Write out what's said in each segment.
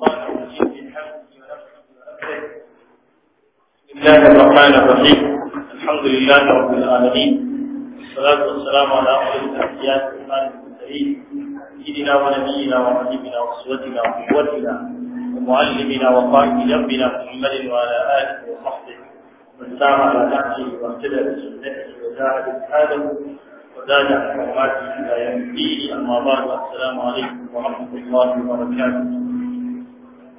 بسم الله الرحمن الرحيم الحمد لله رب العالمين والصلاة والسلام على أخر الأنبياء والإمام المرسلين سيدنا ونبينا وحبيبنا وأسوتنا وقوتنا ومعلمنا وقائد جنبنا محمد وعلى آله وصحبه من سام على نهجه واهتدى بسنته وزاد اجتهاده وزاد عن حرماته إلى يوم الدين أما بعد السلام عليكم ورحمة الله وبركاته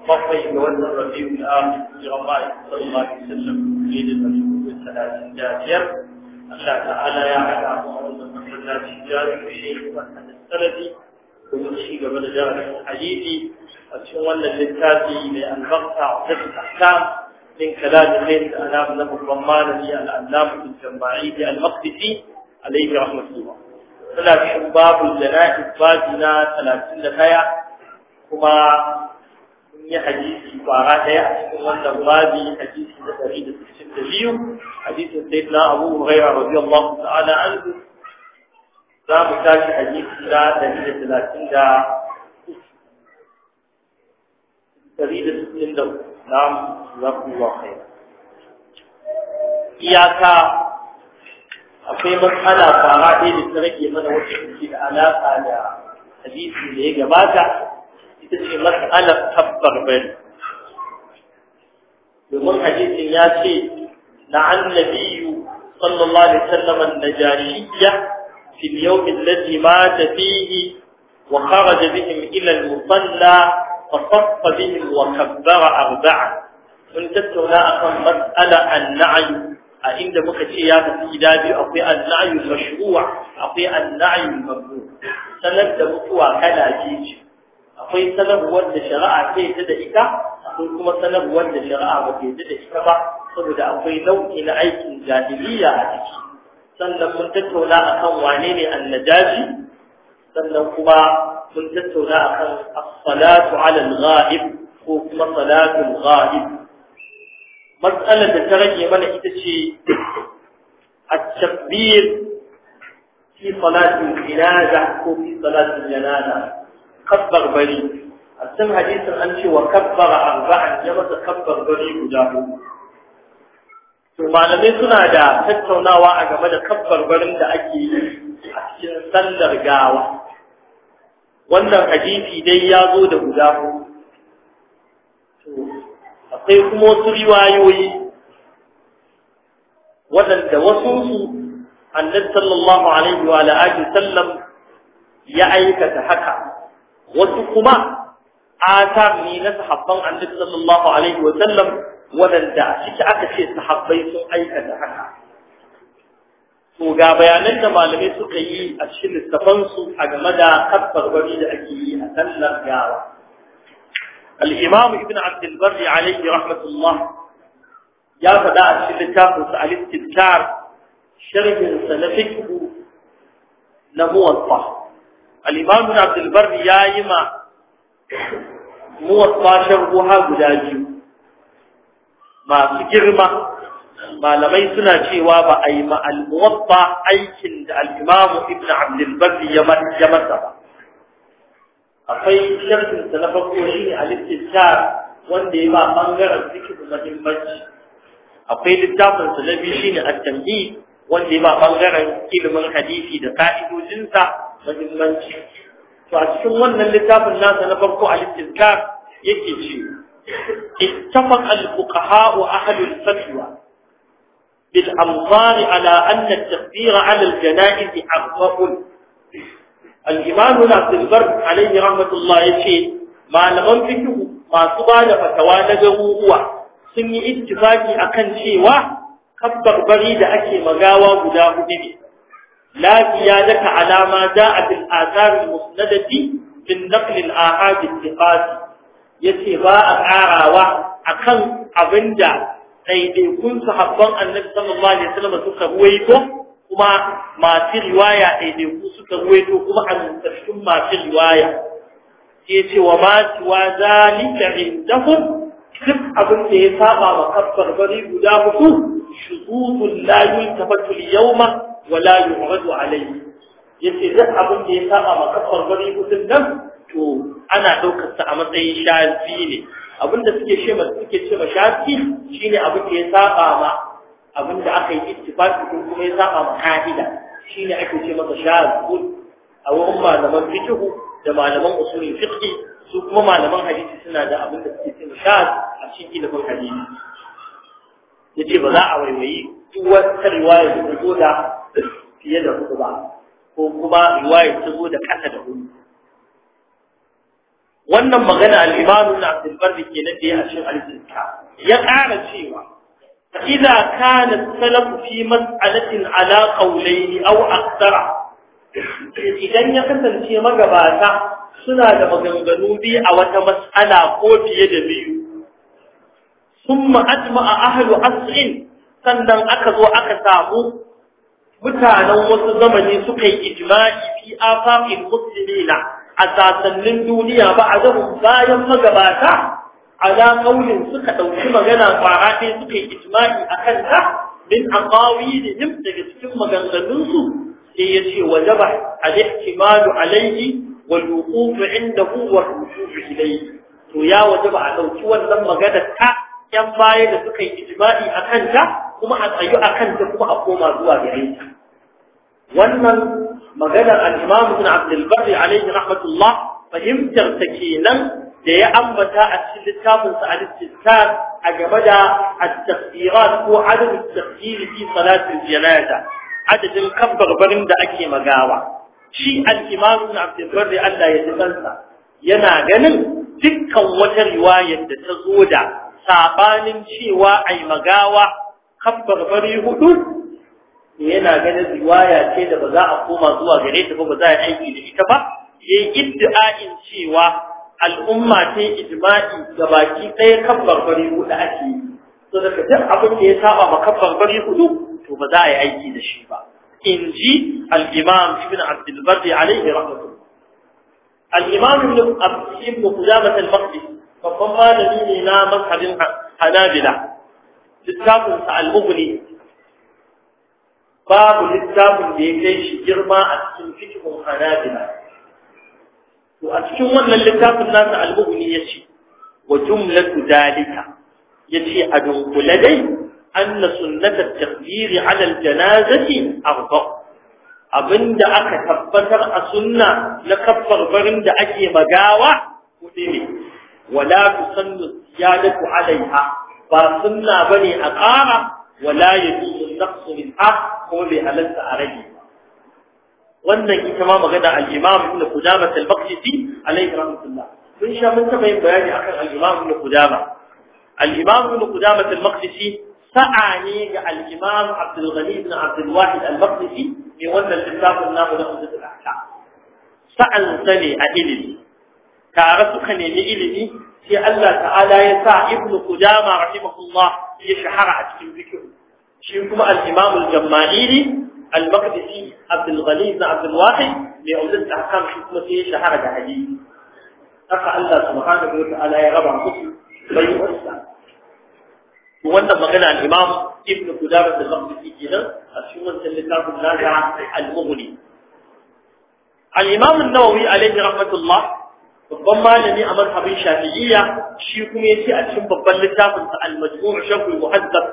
bakwai ga wannan rabi'u na jiran ba sallallahu alaihi wasallam ne da rabi'u talatin da biyar Allah ta'ala ya haɗa mu a wannan masallaci jami'u shehu wannan sanadi domin ci gaba da cikin wannan littafi mai من كلام الغيث الأنام له الرمان هي الأنام الجماعي المقدسي عليه رحمة الله ثلاث ثلاثين لفايا كما yi hadisi kwara daya a cikin wannan babi hadisi na ɗari da sittin da biyu hadisin sai na abu huraira radiyallahu ta'ala anhu za mu tashi hadisi na ɗari da talatin da ɗari da sittin da na'am jazakumullahu khairan iyaka akwai matsala fara ɗaya da ta rage mana wacce take da alaƙa da hadisi da ya gabata ita ce mas'alar tabbar bari domin hadisin ya ce na nabiyyu sallallahu alaihi wasallam an-najashiyya fi al-yawm alladhi mata fihi wa kharaja bihim ila al-musalla fa saffa bihim wa kabbara arba'a mun tattauna akan mas'ala an-na'i a inda muka ce ya tafi gida biyu akwai an-na'yu mashru'a akwai an-na'yu mabru sanar da mutuwa kala biyu akwai sanarwar da shari'a ta da ita akwai kuma sanarwar da shari'a ba ta da ita ba saboda akwai nau'i na aikin jahiliya a ciki sannan mun tattauna akan wane ne annajaji sannan kuma mun tattauna akan as-salatu 'ala al-ghaib ko kuma salatu al-ghaib matsalar da ta rage mana ita ce at-takbir fi salati al ko fi salati al-janaza kabbar bari a cikin hadisin an ce wa kabbara arba'an ya masa kabbar bari guda huɗu to malamai suna da tattaunawa a game da kabbar barin da ake yi a cikin sallar gawa wannan hadisi dai ya zo da guda huɗu akwai kuma wasu riwayoyi waɗanda wasu su, annabi sallallahu alaihi wa alihi sallam ya aikata haka wasu kuma atar ne na sahabban annabi sallallahu alaihi wa sallam wadanda ciki aka ce sahabbai sun aikata haka to ga bayanan da malamai suka yi a cikin littafan su a game da kafar bari da ake yi a sallar gawa al-imam ibn abd al-barr alaihi rahmatullah ya faɗa a cikin littafin sa al-istidkar sharhin na fiqh na al-imam abdul ya yayi ma muwatta sharhuha guda biyu masu girma malamai suna cewa ba a yi ma al aikin da al ibn abdul ya masa ba akwai sharhin na farko a al-istishar wanda ya ba bangaren cikin muhimmanci akwai littafinsa na biyu shine at-tamhid wanda ya ba bangaren ilimin hadisi da ka'idojinsa mahimmanci to a cikin wannan littafin nasa na farko a littafin yake ce ittafaq al-fuqaha wa ahli al-fatwa bil amdar ala anna at-takbir ala al-janaiz afdal al-imam alayhi rahmatullah yace malaman fiqh masu ba da fatawa na garuruwa sun yi ittifaqi akan cewa kabbar bari da ake magawa guda hudu ne alama لا زيادة على ما جاء في الآثار المسندة في النقل الآحاد الثقات يتي باء عاراوة أكن أبنجا ɗaiɗaikun sahabban annabi sallallahu alaihi wasallam suka ruwaito kuma masu riwaya ɗaiɗaiku suka ruwaito kuma amintattun masu riwaya sai ce wa ma tuwa zalika indahum duk abin da ya saba wa kafar bari guda hudu shuzuzun la yuntafatu yawma wala yu'madu alayhi yace duk abin da ya saba ma kafar gari hudun nan to ana daukar sa a matsayin shafi ne abin da suke ce suke ce ma shafi shine abin da ya saba ma abin da aka yi ittifaqi ko kuma ya saba ma ka'ida shine ake ce masa shafi a wurin malaman fiqh da malaman usulin fiqh su kuma malaman hadisi suna da abin da suke ce ma shafi a cikin ilimin hadisi ya ba za a waiwayi duk wata riwaya da ta zo da fiye da ba ko kuma riwaya ta zo da ƙasa da hudu wannan magana al na abdul barri nan da ya ashin al ya ƙara cewa idza kana salaf fi mas'alatin ala qawlayni aw akthara idan ya kasance magabata suna da maganganu biyu a wata mas'ala ko fiye da biyu summa ajma'a ahlu asalin sannan aka zo aka samu mutanen wasu zamani suka yi ijma'i fi afaqil muslimina a sasannin duniya ba a zama bayan magabata a kaulin suka ɗauki magana kwara ɗaya suka yi ijma'i a kanta min aqawilihim daga cikin maganganunsu sai ya ce a al-ihtimalu alaihi wal wuquf indahu wa ruju'u ilayhi to ya wajaba a ɗauki wannan maganar ta yan baya da suka yi ijima'i a kanta kuma a tsayu a kanta kuma a koma zuwa gare ta wannan maganar al-Imam Ibn Abd rahmatullah fahimtar ta kenan da ya ambata a cikin littafin sa al a game da at-tafsirat ko adad at-tafsir fi salat al-janaza adadin kabbarbarin da ake magawa shi al-Imam Ibn Abd Allah ya tsansa yana ganin dukkan wata riwayar da ta zo da saɓanin cewa a yi magawa kan bari hudu yana ganin riwaya ce da ba za a koma zuwa gare ta ba ba za a aiki da ita ba ya yi iddi'a'in cewa al'umma ta yi ijma'i ga baki ɗaya kan bari hudu ake yi so daga duk abin da ya saba ma kabbar bari hudu to ba za a yi aiki da shi ba in ji al-imam ibn abdul barri alaihi rahmatullah al-imam ibn abdul da qudamah al babban malami ne na mazhabin hanabila littafin sa al-mughni babu littafin da ya kai shi girma a cikin fiqhun hanabila to a cikin wannan littafin nasa al-mughni ce. wa jumlatu dalika Ya yace a dunkule dai anna sunnata at-takbir 'ala al-janazati arba' abinda aka tabbatar a sunna na kaffar barin da ake magawa kuɗi ne wala tusallu ziyadatu alaiha ba sunna bane a ƙara wala yajuzu naqsu min haq ko bai a rage wannan ita ma magana al-imam ibn Qudamah al-Maqdisi alayhi rahmatullah mun sha mun taba yin bayani akan al-imam ibn Qudamah al-imam ibn Qudamah al-Maqdisi sa'a ne ga al-imam Abdul Ghani ibn Abdul Wahid al-Maqdisi mai wannan littafin namu na Ummul Ahkam sa'an ne a ilimi tare suka nemi ilimi sai Allah ta'ala ya sa ibnu qudama rahimahullah ya shahara a cikin zikir shi kuma al-imam al-jamma'ili al-maqdisi abdul ghani ibn abdul wahid mai aulad ahkam shi kuma sai ya shahara da hadisi haka Allah subhanahu wa ta'ala ya raba musu bai wasa wannan magana al-imam ibn qudama al-maqdisi kenan a cikin wannan littafin nasa al-mughni al-imam an-nawawi alayhi rahmatullah babban malami a mazhabin shafi'iyya shi kuma yace a cikin babban littafin sa al-majmu' sharh al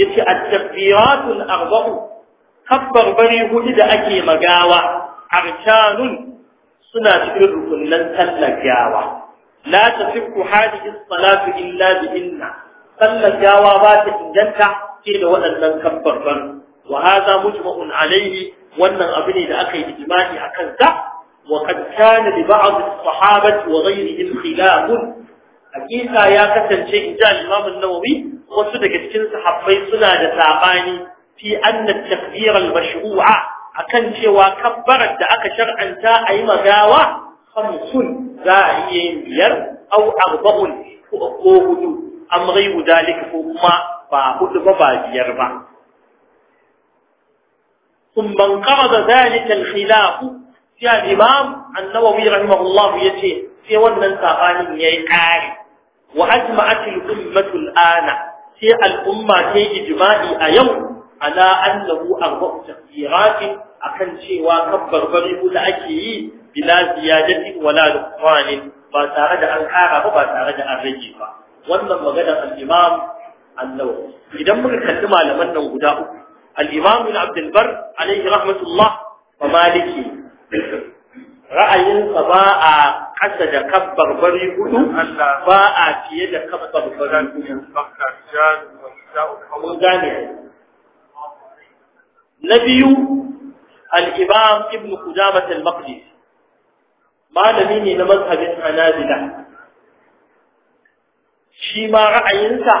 yace at-takbirat al-arba'u kabbar bari hudu da ake magawa arkanun suna cikin rukunnan sallar gawa la tasihhu hadhihi as-salatu illa bi inna ba ta inganta ke da waɗannan kabbar ban wa hadha mujma'un alayhi wannan abu ne da aka yi ijma'i akan sa وقد كان لبعض الصحابة وغيرهم خلاف حقيقة يا كتن شيء جاء الإمام النووي وصدق كتن صحابي صنع تساقاني في أن التكبير المشروع أكن شوى كبرت دعك شرعا تاعي مغاوة خمس داعيين بير أو أربع فأقوه أم غير ذلك فهما فأقول ببادير بعض ثم انقرض ذلك الخلاف sai alimam imam an ya ce yace sai wannan sabanin yayi kare wa ajma'at al-ummatu al-ana sai al'umma ta yi ijma'i a yau ala annahu arba'u a akan cewa kabbarbari da ake yi bila ziyadati wala nuqsanin ba tare da an ƙara ba ba tare da an rage ba wannan maganar al-imam idan muka kalli malaman nan guda uku al-imam ibn abd al-bar alayhi rahmatullah wa maliki ra'ayinsa ba a ƙasa da kabbar bari hudu ba a fiye da kabbar bari hudu gane na biyu al ibn kujamat al malami ne na mazhabin hanabila shi ma ra'ayinsa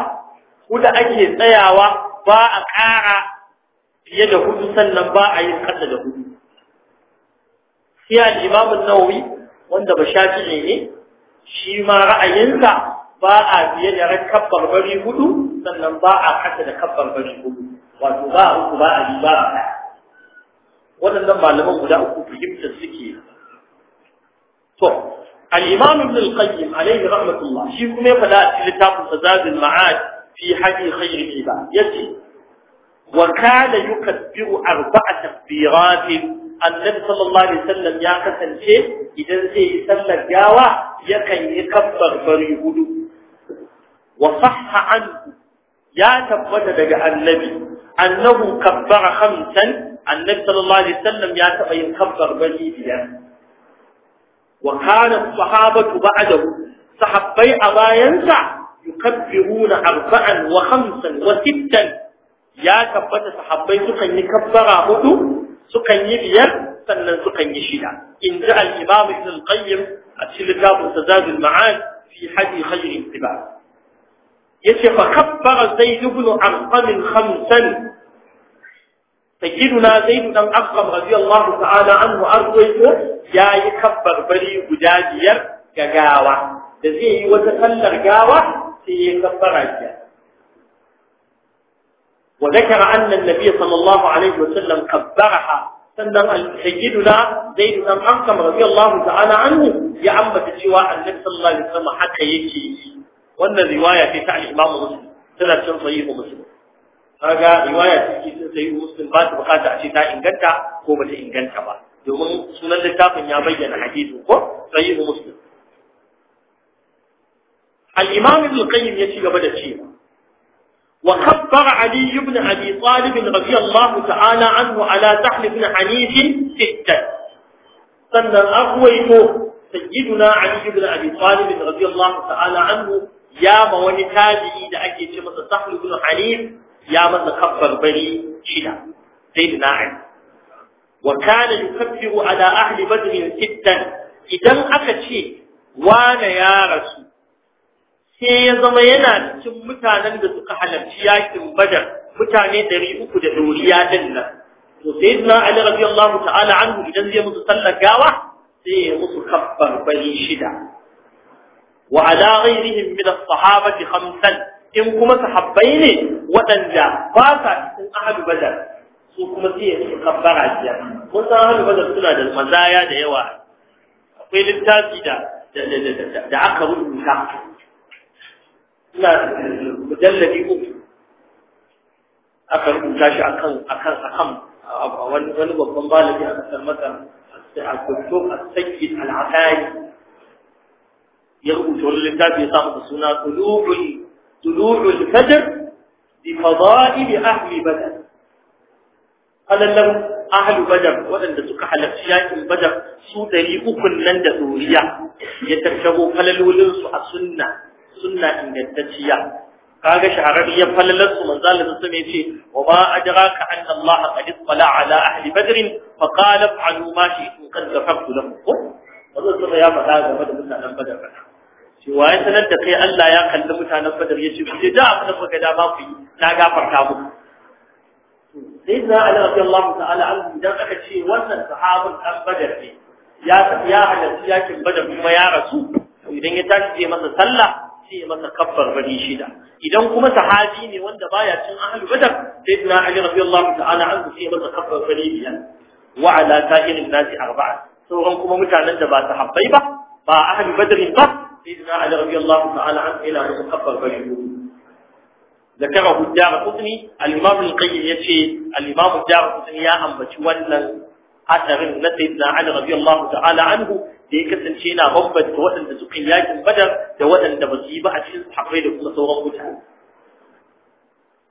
hudu ake tsayawa ba a ƙara fiye da hudu sannan ba a yi ƙasa da hudu sai al-imam an-nawawi wanda ba shafi'i ne shi ma ra'ayinsa ba a biye da rakabbar bari hudu sannan ba a kasa da kabbar bari hudu wato ba a uku ba a yi ba waɗannan malaman guda uku fahimta suke to al-imam ibn al-qayyim alayhi rahmatullah shi kuma ya fada a cikin littafin fazadul ma'ad fi hadi khayr ibad yace وكان يكبر أربع تكبيرات annabi sallallahu alaihi wasallam ya kasance idan zai yi sallar gawa yakan yi kabbar bari hudu wa sahha ya tabbata daga annabi annahu kabbara khamsan annabi sallallahu alaihi wasallam ya taba yin kabbar bari biyar wa kana sahabatu ba'dahu sahabbai a bayansa yukabbiruna arba'an wa khamsan wa sittan ya tabbata sahabbai sukan yi kabbara hudu sukan yi biyar sannan sukan yi shida in ji al-imam ibn al-qayyim a cikin littafin tazad al-ma'ad fi hadi khayr al-tiba yace fa kabbara zaid ibn arqam khamsan sayyiduna zaid ibn arqam radiyallahu ta'ala anhu arwayo yayi kabbar bari guda biyar ga gawa da zai yi wata sallar gawa sai ya kabbara biyar وذكر أن النبي صلى الله عليه وسلم كبرها sannan sayyiduna zai dan amsa radiyallahu ta'ala anhu ya ambata cewa annabi sallallahu alaihi wasallam haka yake wannan riwaya ce ta al-Imam Muslim tana cikin sahih Muslim kaga riwaya ce cikin sahih Muslim ba ta bukata a ce ta inganta ko ba ta inganta ba domin sunan littafin ya bayyana hadisi ko sahih Muslim al ya ci gaba da cewa وخبر علي بن أبي طالب رضي الله تعالى عنه على سحل بن حنيف ستا سنة أغويت سيدنا علي بن أبي طالب رضي الله تعالى عنه يا موني تابعي دا أكي شمس سحل بن حنيف يا من خبر بني شلا سيدنا علي وكان يكبر على أهل بدر ستا إذا أكتشي وانا يا رسول sai ya zama yana cikin mutanen da suka halarci yakin badar mutane ɗari uku da doriya din nan to sai na ali radiyallahu ta'ala anhu idan zai musu sallar gawa sai ya musu kabbar bari shida wa ala ghairihim min as-sahabati khamsan in kuma sahabbai ne waɗanda ba sa cikin ahlu badar su kuma sai ya musu kabbara biyar mun san ahlu badar suna da mazaya da yawa akwai littafi da da aka rubuta ina mujalladi uku aka rubuta shi akan akan akan wani wani babban malami a kasar masar a doktor as-sayyid al-atari ya rubuta wani littafi ya samu da suna tulu'ul tulu'ul fajr bi fada'il ahli badr alallam ahli badr wadanda suka halarci yakin badr su dari ukun nan da doriya ya tattabo falalolin su a sunna sunna ingantacciya kaga shahararriyar falalar su manzo Allah sun sani ce wa ma ajraka anna Allah qad tala ala ahli badr fa qala fa'alu ma shi'tum qad ghafartu lakum wannan sun ya faɗa game da mutanen badar cewa ya sanar da kai Allah ya kalli mutanen badar ya ce ku je da abin da kuka da ba ku yi na gafarta muku sai na ala rabbi ta'ala an da aka ce wannan sahabin an badar ne ya ya halarci yakin badar kuma ya rasu idan ya tashi je masa sallah sai ya masa kabbar bari shida idan kuma sahabi ne wanda baya cin ahlu badar sai ibn ali radiyallahu ta'ala anhu sai ya masa kabbar bari biyan wa ala sa'irin nasi arba'a sauran kuma mutanen da ba sahabbai ba ba ahlu badr ba sai ibn ali radiyallahu ta'ala anhu ila masa kabbar bari ذكره الدار قطني الإمام القيم يتشي الإمام الدار قطني يا أنبتي ولن asarin na sayyidina Ali radiyallahu ta'ala anhu da ya kasance yana bambanta waɗanda suka kai yakin Badar da waɗanda ba su yi ba a cikin sahabbai da kuma sauran mutane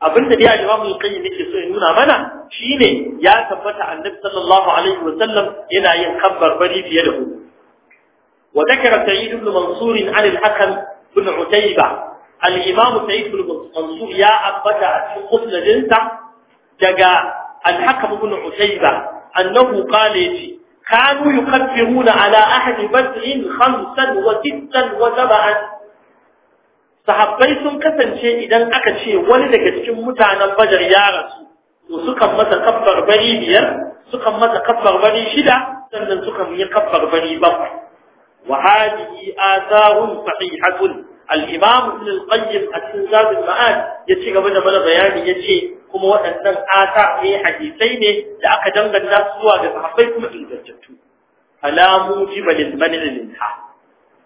abinda dai Imam Al-Qayyim yake so ya nuna mana shine ya tabbata Annabi sallallahu alaihi wa sallam yana yin kabbar bari fiye da hudu wa dhakara Sa'id ibn Mansur an al-Hakam ibn Utayba al-Imam Sa'id ibn Mansur ya abbata a cikin kullajinsa daga al-Hakam ibn Utayba annahu qala yace kanu yukaffiruna ala ahli badrin khamsan wa sittan wa sab'an sahabbai sun kasance idan aka ce wani daga cikin mutanen badar ya rasu to sukan masa kabbar bari biyar sukan masa kabbar bari shida sannan sukan yi kabbar bari bakwai wa hadihi atharun sahihatun al-imam ibn al-qayyim at-tuzad al ya ci gaba da mana bayani yace kuma waɗannan ata ne hadisai ne da aka danganta zuwa ga sahabbai kuma ingantattu alamu jibalil manil minha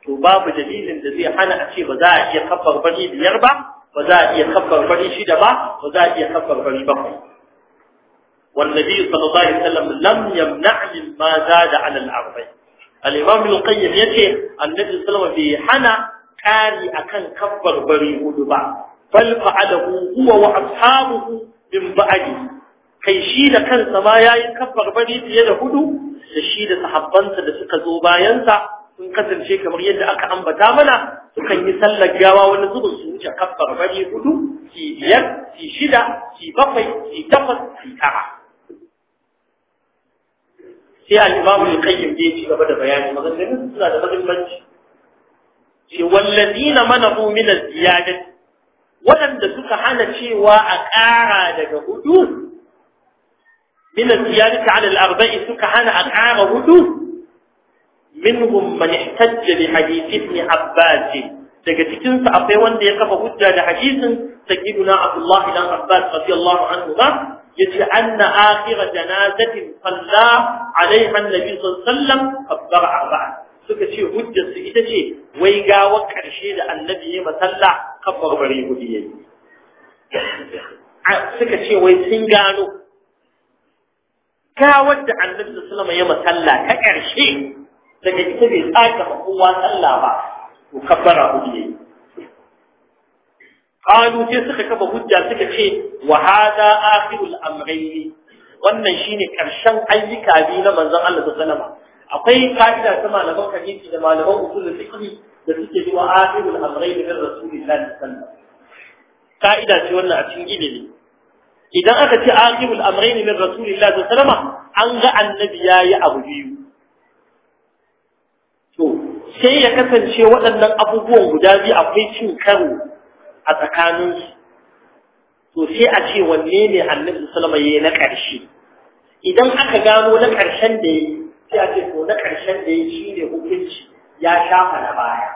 to babu dalilin da zai hana a ce ba za a iya kafar bari biyar ba ba za a iya kafar bari shida ba ba za a iya kafar bari bakwai والنبي صلى الله عليه وسلم لم يمنع مما زاد على الأرضين الإمام القيم يتي النبي صلى الله عليه وسلم حنا كاري أكن كبر بري هدبا بل هو وأصحابه bin ba'adi kai shi da kansa ma yayi kabbar bari fiye da hudu da shi da sahabbansa da suka zo bayansa sun kasance kamar yadda aka ambata mana sukan yi sallar gawa wani zubin su wuce kabbar bari hudu ki biyar ki shida ki bakwai ki takwas ki tara sai al-imamu al-qayyim ya ci gaba da bayani maganganun suna da muhimmanci ce wallazina manahu min az-ziyadati waɗanda suka hana cewa a ƙara daga hudu min ziyarati ala al-arba'i suka hana a ƙara hudu minhum man ihtajja bi hadith ibn abbas daga cikin su akwai wanda ya kafa hujja da hadisin sayyiduna abdullah ibn abbas radiyallahu anhu ba yace anna akhir janazatin salla alaiha an-nabi sallallahu alaihi wasallam kabbara arba'a suka ce hujjar ita ce wai gawar ƙarshe da annabi ya masalla kabbar bari hudu yayi suka ce wai sun gano gawar da annabi sallallahu alaihi wasallam ya masalla ta ƙarshe, daga ita bai tsaka ba kowa sallah ba to kabbara hudu yayi qalu sai suka kafa hujja suka ce wa hada akhirul amrayn wannan shine karshen ayyuka biyu na manzon Allah sallallahu alaihi wasallam akwai ka'ida ta malaman hadisi da malaman usulul fiqh da suke cewa akhirul amrayn min rasulillahi sallallahu alaihi wasallam ka'ida ce wannan a cikin ilimi idan aka ce akhirul amrayn min rasulillahi sallallahu alaihi wasallam an ga annabi yayi abu biyu to sai ya kasance waɗannan abubuwan guda biyu akwai cin karo a tsakaninsu to sai a ce wanne ne annabi sallallahu alaihi wasallam yayi na ƙarshe idan aka gano na ƙarshen da yayi sai ce na ƙarshen da ya shi ne hukunci ya shafa na baya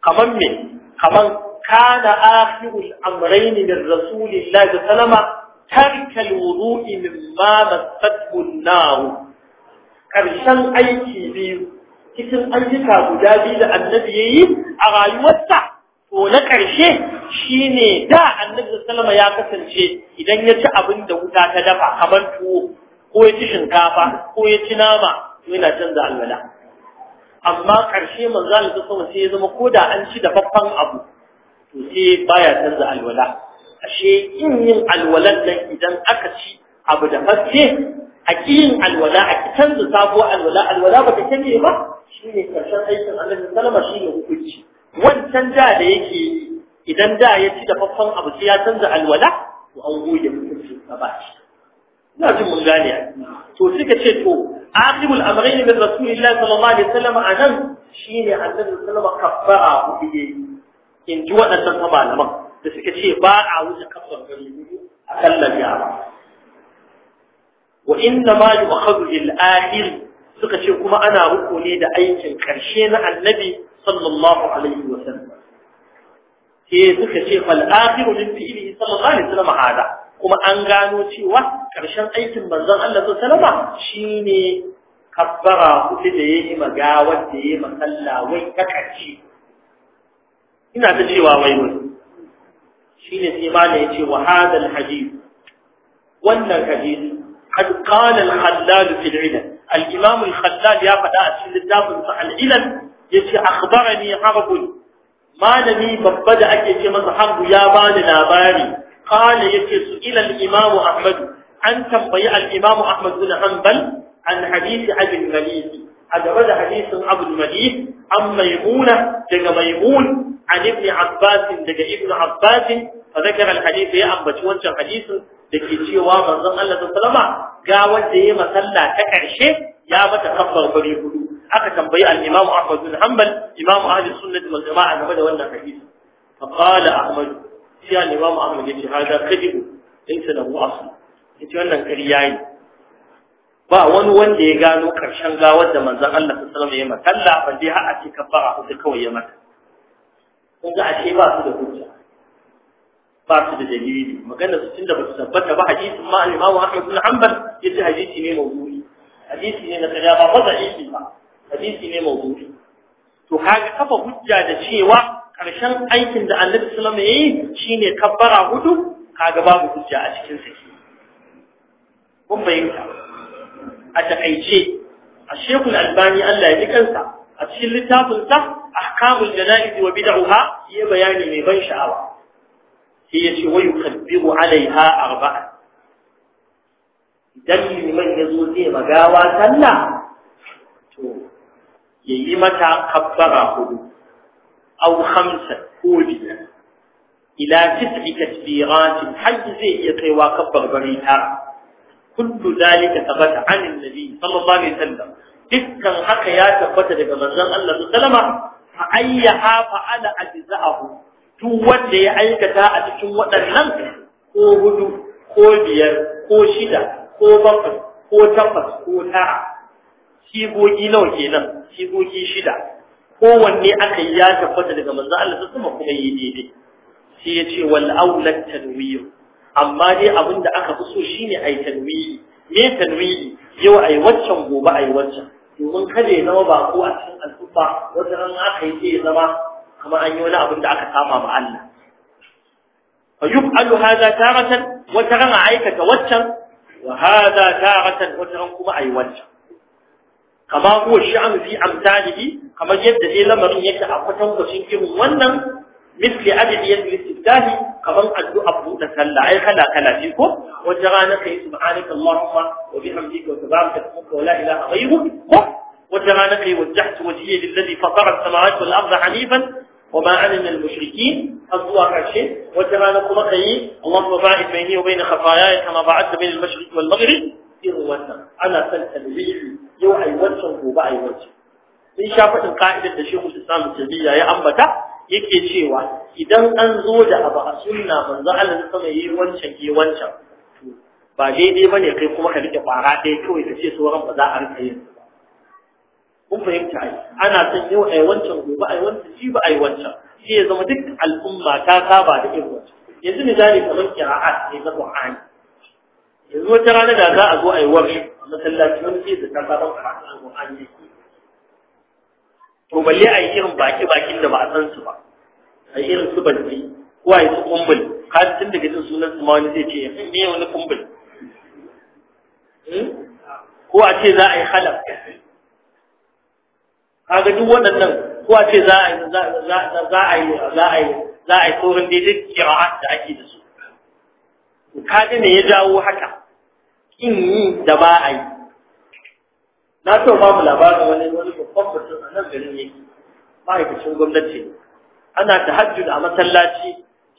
kamar me kamar kana akhirul amrayni min rasulillahi sallallahu tarka alwudu'i ma masathu an-nar karshen aiki biyu cikin ayyuka guda biyu da annabi ya yi a rayuwarsa to na ƙarshe shi ne, da annabi Salama ya kasance idan ya ci abin da wuta ta dafa kamar tuwo ko ya ci shinkafa ko ya ci nama to yana canza alwala amma ƙarshe manzo Allah sallallahu sai ya zama ko da an ci dafaffan abu to sai baya canza alwala ashe in yin alwalan nan idan aka ci abu da fasse a yin alwala a ki canza sabuwar alwala alwala ba ta kame ba shine karshen aikin Annabi sallama shine hukunci wancan da da yake idan da ya ci dafaffen abu sai ya canza alwala to an goge mutum sa ba shi ina jin mun gane to suka ce to aqibul amrayn min rasulillahi sallallahu alaihi wasallam anan shine annabi sallallahu alaihi wasallam kaffara ku in ji waɗannan malaman da suka ce ba a wuce kafar gari a kallon yara wa inna ma yu'khadhu lil akhir suka ce kuma ana ruko ne da aikin karshe na annabi sallallahu alaihi wasallam sai suka ce fal akhiru min fi'lihi sallallahu alaihi wasallam hada kuma an gano cewa ƙarshen aikin manzon Allah Shi ne kabbara kuɗi da yayi magawar da yayi masalla wai ta ƙarshe ina ta cewa wai wai ne sai malai yace wa hadal hadith wannan hadisi قد قال الخلال في العلل الإمام الخلال يا فتاة الدافن فالعلل يتي أخبرني Malami babba da ake ce في مصحب ya bani labari. qala yace su ilal al-imam an tambayi al-imam ahmad bin hanbal an hadisi abin malik a gaba hadisin abin an maimuna daga maimun an ibn abbas daga ibn abbas fa zakara ya ambaci wancan hadisin dake cewa manzon Allah sallallahu alaihi ga wanda yayi masalla ta karshe ya mata kafar bari hudu aka tambayi al-imam ahmad bin hanbal imam ahli sunnah wal jamaa game da wannan hadisi fa Ahmadu. sai al-imam ahmad yace hada kadibu laysa lahu asl yace wannan ƙarya ne ba wani wanda ya gano karshen gawar da manzon Allah sallallahu alaihi wasallam ya mata Allah ban dai har a ce kafara ko kawai ya mata kun ga ashe ba su da hujja ba su da dalili magana su tunda ba su tabbata ba hadisin ma al-imam ahmad bin hanbal yace hadisi ne mawdu'i hadisi ne na ƙarya ba ba ba hadisi ne mawdu'i to kaga kafa hujja da cewa ƙarshen aikin da annabi sallama ya yi shi ne kabbara hudu kaga babu hujja a cikin saki kun bayyanta a takaice a shekul albani allah ya ji kansa a cikin littafin littafinsa ahkamul jana'iz wa bid'uha ya bayani mai ban sha'awa sai ya ce wayu kabbiru alaiha arba'a idan liman ya zo zai magawa sallah to yayi mata kabbara hudu أو خمسة كوبية إلى تسع تكبيرات حج زي يقوى كبر بريتها كل ذلك ثبت عن النبي صلى الله عليه وسلم دكا حقا يا ثبت لك من ذن الله سلم فأيها فعل أجزاءه تو wanda ya aikata a cikin waɗannan ko hudu ko biyar ko shida ko bakwai ko takwas ko tara sigogi nawa kenan sigogi shida kowanne aka yi ya tabbata daga manzo Allah su kuma kuma yi daidai sai ya ce wal aulat tanwir amma dai abin da aka fi so shine ai tanwiri me tanwiri yau a yi waccan gobe a yi waccan domin kada ya zama ba ko a cikin al'umma wata ran aka yi sai ya zama kamar an yi wani abin da aka saba ma Allah fa yuf'alu hadha taratan wata ran aikata waccan wa hadha taratan wata ran kuma yi waccan kama huwa shi'an fi amsalihi kamar yadda dai lamarin yake a kwatankwacin irin wannan misli adadiyar listiftahi kamar addu'a buɗe sallah ai kala kala ce ko wata rana kai subhanaka allahumma wa bihamdika wa tabaraka ismuka wa la ilaha ghayruk ko wata rana kai wajjahtu wajhiya lillazi fatara as-samawati wal arda hanifan wa ma ana min al-mushrikeen azwa karshe wata rana kuma kai allahumma ba'id bayni wa bayna khataaya kama ba'adta bayna al-mashriq wal maghrib irin wannan ana san talbiyi yau a yi wancan gobe a yi wancan sun sha faɗin ka'idar da shi musu samun tabiya ya ambata yake cewa idan an zo da abu a sunna manzo Allah ya sama yi wancan yi wancan ba daidai ne kai kuma ka rike fara ɗaya kawai ka ce sauran ba za a rika yin kun fahimta ai ana son yau ai wancan gobe ai wancan shi ba ai wancan shi ya zama duk al'umma ta saba da irin wancan yanzu misali kamar kira'at ne na Qur'ani yanzu wata rana da za a zo a yi wari a masallaci wani da tafa don karatun Qur'ani yake to balle a yi irin baki bakin da ba a san su ba a yi irin su balle ko a yi su kumbul ka tun daga jin sunan su ma wani zai ce hmm, me ya wani kumbul hmm? ko a ce za a yi halaf ga duk waɗannan ko a ce za a yi za a yi za a yi za a yi daidai kira'a da ake da su kaga me ya jawo haka in yi da ba a yi na so ba mu labarin wani wani babban mutum a nan garin yake ma'aikacin gwamnati ana tahajjud a masallaci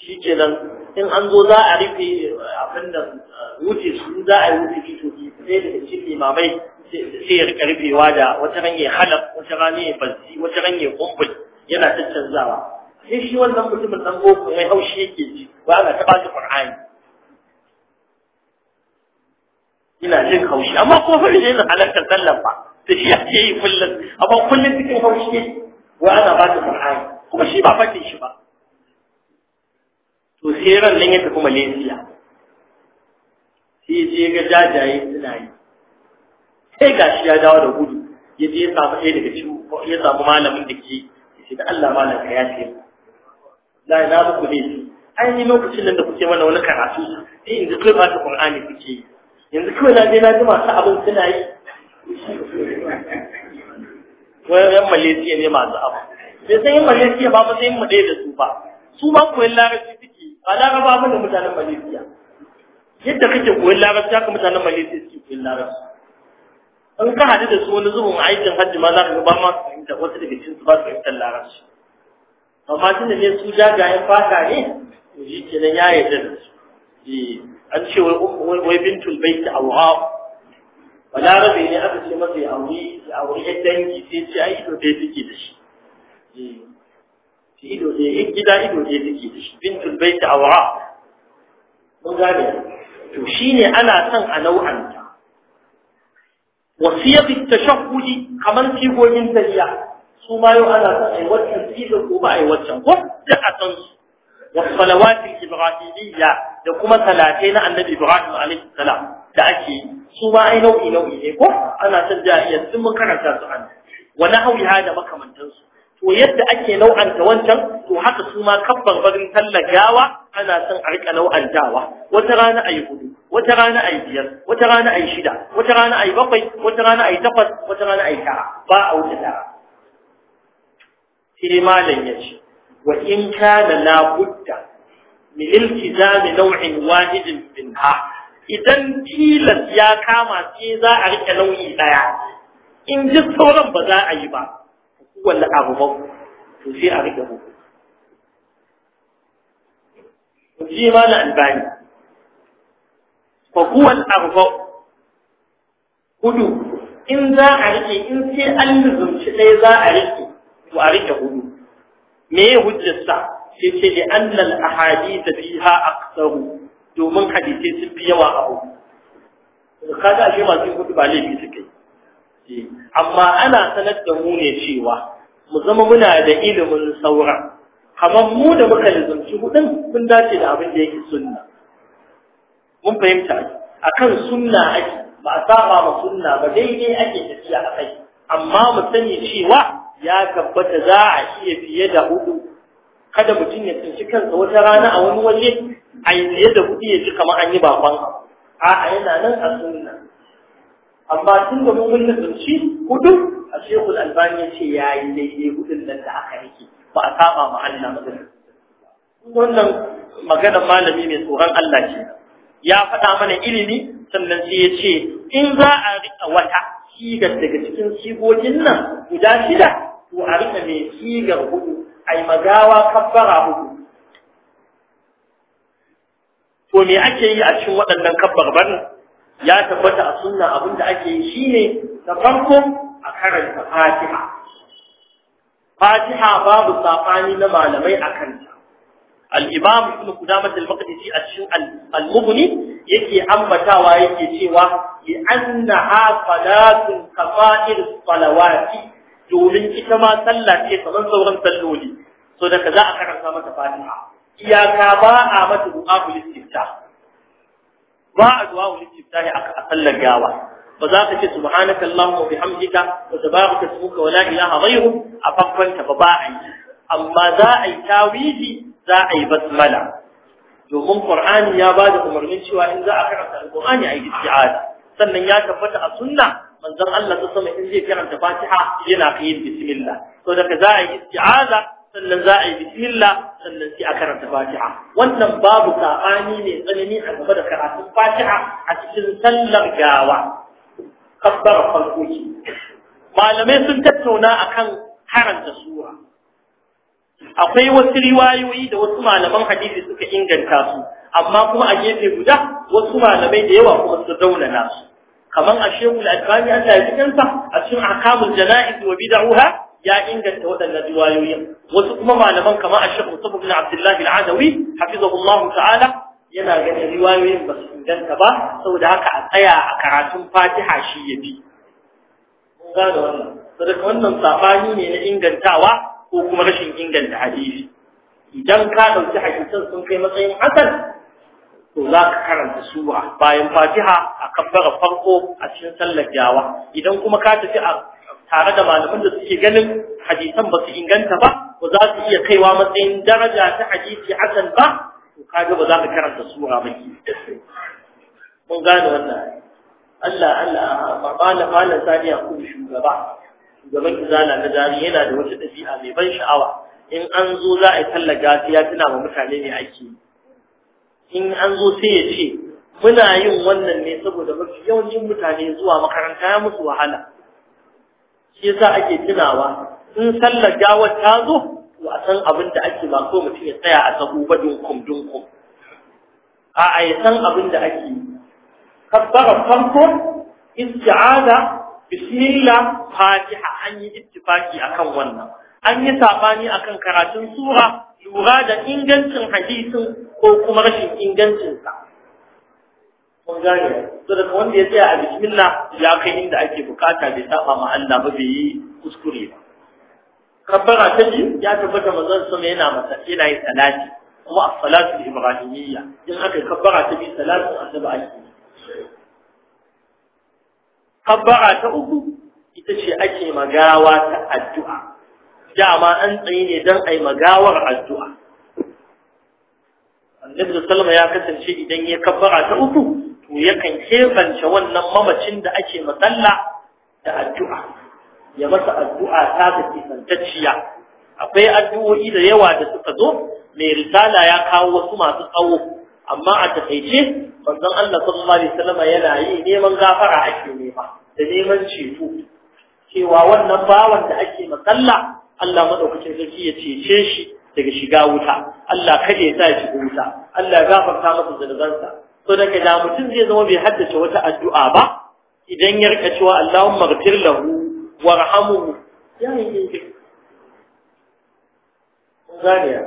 shi ke nan in an zo za a rufe eh, abin da eh, wuce su za a yi wuce fito sai da cikin limamai sai ya rika rufewa da wata ranye halaf wata ranye bazzi wata ranye kumbul yana ta canzawa sai shi wannan mutumin dan boko mai haushi yake ji ba ana ta shi qur'ani ina jin haushi amma kuma fa bai halartar sallan ba da shi ake yi kullum amma kullum cikin haushi ne wa ana ba ta Qur'ani kuma shi ba fatin shi ba to sai ran nan ya kuma Lesiya. sai je ga jajaye suna yi sai gashi ya dawo da gudu ya je ya samu ɗaya daga ko ya samu malamin da ke ce da Allah malam ka ya ce la ina muku ne ai ni lokacin nan da kuke mana wani karatu sai in ji kai ba ta Qur'ani kuke yi yanzu kawai na je na ji masu abin suna yi Wani yan malaysia ne masu abu bai san yin malaysia ba sai mu ɗaya da su ba su ba koyon larabci suke ba laraba ba da mutanen malaysia yadda kake koyon larabci haka mutanen malaysia suke koyon larabci in ka haɗu da su wani zubin aikin hajji ma za ka ba ma fahimta wasu daga cikin su ba su fahimtar larabci amma tun da ne su jagayen fata ne to shi kenan ya yarda da su eh, an ce wai wai bintul baiti awra balarabe ne aka ce masa ya auri ya auri ya dangi sai ce ai ido dai suke da shi eh, shi ido dai in gida ido dai suke da shi bintul ta awra mun gane to shine ana son a nau'anta wasiyar tashahudi kamar sigogin tariya su ma yau ana son a yi wancan waccan ko ba a yi wancan ko duk a san su والصلوات الإبراهيمية لكما ثلاثين عن النبي إبراهيم عليه السلام لأكي سوما أي نوعي نوعي نكو أنا سنجاهية ثم كانت تاسعا ونحو هذا ما كمان تنسو ويبدأ أكي نوعا توانتا وحتى سوما كبر بدن تلا جاوة أنا سنعرك نوعا جاوة وترانا أي هدو وترانا أي بير وترانا أي شدة وترانا أي بقي وترانا أي تقص وترانا أي شعر باء أو تسعر سيري ما لن يشي وإن كان لا بد من التزام نوع واحد منها idan tilas ya kama sai za a rike nauyi daya in ji sauran ba za a yi ba wanda abu ba to sai a rike mu ji ma na albani arba hudu in za sai ɗaya za a rike to me hujjarsa sai ce da annal ahadith fiha aktsaru domin hadisi sun fi yawa a hudu kaga ashe masu hudu ba laifi suke eh, amma ana sanar da mu ne cewa mu zama muna da ilimin saura. kamar mu da muka lizanci hudun sun dace da abin da yake sunna mun fahimta akan sunna ake ba a saba ma sunna ba daidai ake tafiya a kai amma mu sani cewa ya tabbata za a iya fiye da hudu kada mutum ya tsinci kansa wata rana a wani waje a yi fiye da hudu ya ji kamar an yi bakon a yana nan a sunna amma tun da mun gullun tsinci hudu a shehu albani ya ce ya yi daidai hudun nan da aka yake ba a saba ma Allah magana wannan magana malami mai tsoron Allah ce ya faɗa mana ilimi sannan sai ya ce in za a riƙa wata sigar daga cikin sigogin nan guda shida to a mai sigar hudu ai magawa kabbara hudu to me ake yi a cikin waɗannan kabbaban? ya tabbata a sunna da ake yi shine da farko a karanta fatiha fatiha babu safani na malamai a kanta الإمام ابن قدامة المقدسي المغني يكي أمتا ويكي شوى ha صلاة كفائر الصلوات domin ita ma sallah ce kamar sauran salloli so daga za a karanta mata fatiha iyaka ba a mata du'a ulistifta ba a du'a ulistifta a sallar yawa. ba za ka ce subhanaka allahumma wa bihamdika wa tabaraka ismuka wa la ilaha ghayru a fafanta ba ba a yi amma za a yi tawili za a yi basmala domin qur'ani ya ba da umarnin cewa in za a karanta alqur'ani a yi isti'aza sannan ya tabbata a sunna manzon Allah ta sama in zai karanta Fatiha yana yin bismillah to daga za a yi isti'aza sannan za a yi bismillah sannan sai a karanta Fatiha wannan babu sabani ne tsanani a gaba da karatun Fatiha a cikin sallar gawa kabbara farko malamai sun tattauna akan karanta sura akwai wasu riwayoyi da wasu malaman hadisi suka inganta su amma kuma a gefe guda wasu malamai da yawa kuma su daunana su kaman a shehu al-albani Allah ya cikin sa a cikin ahkamul jana'iz wa bid'uha ya inganta waɗannan riwayoyin wasu kuma malaman kaman a shehu Mustafa ibn Abdullah al-Adawi hafizahullah ta'ala yana ganin riwayoyin ba su inganta ba saboda haka a tsaya a karatun Fatiha shi yafi mun gane wannan saboda wannan sabani ne na ingantawa ko kuma rashin inganta hadisi idan ka dauki hadisan sun kai matsayin hasan to za ka karanta sura bayan fatiha a kabbara farko a cikin sallar jawa idan kuma ka tafi a tare da malaman da suke ganin hadisan ba su inganta ba ba za su iya kaiwa matsayin daraja ta hadisi hasan ba to kaga ba za ka karanta sura ba ki mun gane wannan Allah Allah malam malam saniya kuma shugaba shugaban izala na jari yana da wata dabi'a mai ban sha'awa in an zo za a yi sallar gafiya tana ma mutane ne ake yi in an zo sai ya ce muna yin wannan ne saboda mafi yawancin mutane zuwa makaranta ya musu wahala shi yasa ake tunawa in sallar gawar ta zo to a san abin da ake ba ko mutum ya tsaya a sahu ba dunkum dunkum a a ya san abin da ake kabbara farko isti'ada bismillah fatiha an yi ittifaki akan wannan an yi sabani akan karatun sura lura da ingancin hadisin ko kuma rashin ingancinsa kun gane to daga wanda ya tsaya a bismillah ya kai inda ake bukata bai saba ma Allah ba bai yi kuskure ba kabbara ta biyu ya tabbata manzon sama yana masa yana yin salati kuma as-salatu ibrahimiyya in aka kabbara ta biyu salatu annabi ake kabbara ta uku ita ce ake magawa ta addu'a dama an tsaye ne don a yi magawar addu'a annabi sallama ya kasance idan ya kabbara ta uku to yakan kebance wannan mamacin da ake matsalla da addu'a ya masa addu'a ta tafi santacciya akwai addu'o'i da yawa da suka zo mai risala ya kawo wasu masu tsawo amma a takaice manzon Allah sallallahu alaihi wasallam yana yi neman gafara ake nema da neman ceto cewa wannan bawan da ake matsalla Allah madaukakin sarki ya cece shi daga shiga wuta Allah kada ya sa shi wuta Allah ya gafarta masa zunubansa so da kaza mutum zai zama bai haddace wata addu'a ba idan ya rika cewa Allahumma ighfir lahu warhamhu ya yi zaniya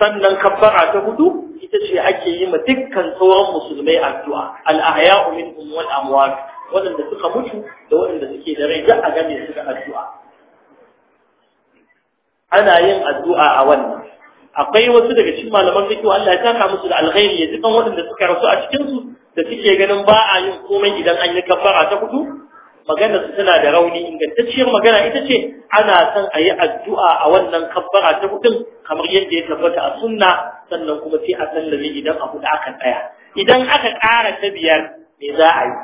sannan kabbara ta hudu ita ce ake yi ma dukkan sauran musulmai addu'a al-ahya'u minhum wal amwat Wadanda suka mutu da wadanda suke da rai da a game su da addu'a ana yin addu'a a wannan akwai wasu daga cikin malaman fiqh Allah ya taka musu da alkhairi ya dukan waɗanda suka rasu a cikin su da suke ganin ba a yin komai idan an yi kafara ta hudu magana su tana da rauni ingantacciyar magana ita ce ana son a yi addu'a a wannan kafara ta hudun kamar yadda ya tabbata a sunna sannan kuma sai a sallame idan a hudu aka tsaya idan aka ƙara ta biyar me za a yi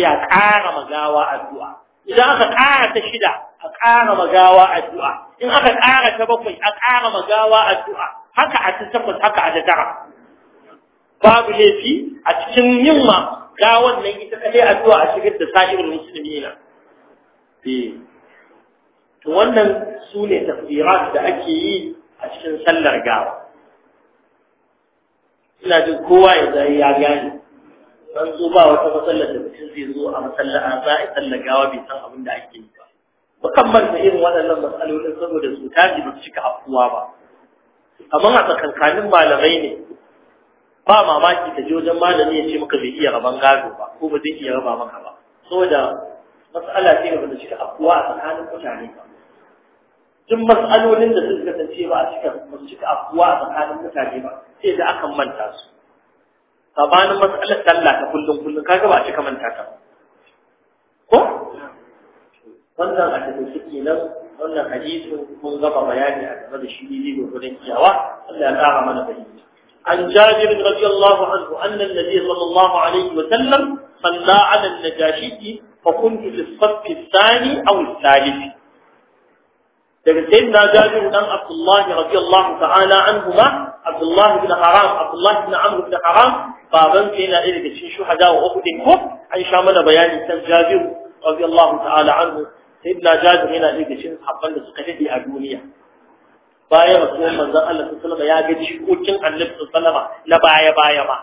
sai a ƙara magawa addu'a idan aka ƙara ta shida a ƙara magawa addu'a in aka ƙara ta bakwai a ƙara magawa addu'a haka a ta takwas haka a ta babu laifi a cikin yin ma gawan nan ita a addu'a a shigar da sa'irul musulmi na eh. to wannan su ne da ake yi a cikin sallar gawa ina jin kowa ya zai ya dan zo ba wata masallar da mutum zai zo a masallar a za a bai san abin da ake yi ba mukan manta irin waɗannan matsalolin saboda su tashi ba su cika afuwa ba amma a tsakankanin malamai ne ba mamaki ka je wajen malami ya ce maka bai iya raban gado ba ko ba zai iya raba maka ba saboda matsala ce ba su cika afuwa a tsakanin mutane ba duk matsalolin da suka kasance ba a cika ba su cika afuwa a tsakanin mutane ba sai da akan manta su sabanin matsalar sallah ta kullum kullum kaga ba a cika manta ta ko wannan a cikin shi kenan wannan hadisi mun gaba bayani a game da shi ne gurbin kiyawa Allah ya tsara mana bayani عن جابر رضي الله عنه أن النبي صلى الله عليه وسلم صلى على النجاشي فكنت في الصف الثاني أو الثالث daga sayyidina jabir dan abdullah radiyallahu ta'ala anhuma abdullah ibn haram abdullah ibn amr haram baban sa yana ɗaya daga cikin shuhada wa uku ko an sha mana bayani san Jabiru radiyallahu ta'ala anhu sayyidina Jabir yana ɗaya daga cikin sahabban da suka dade a duniya bayan rasuwar manzon Allah sallallahu ya ga jikokin Annabi sallallahu na baya baya ba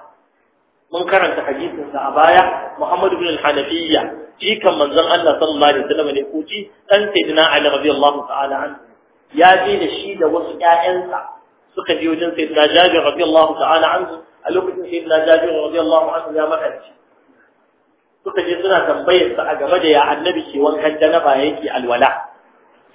mun karanta hadisin sa a baya Muhammad ibn al-Hanafiyya jikan manzon Allah sallallahu alaihi wasallam ne ko ji dan sayyidina Ali radiyallahu ta'ala anhu ya je da shi da wasu ƴaƴansa suka je wajen sayyidina Jabir radiyallahu ta'ala anhu a lokacin sai na jabi radiyallahu anhu ya makanci suka je suna tambayar sa a game da ya annabi ke wankan janaba yake alwala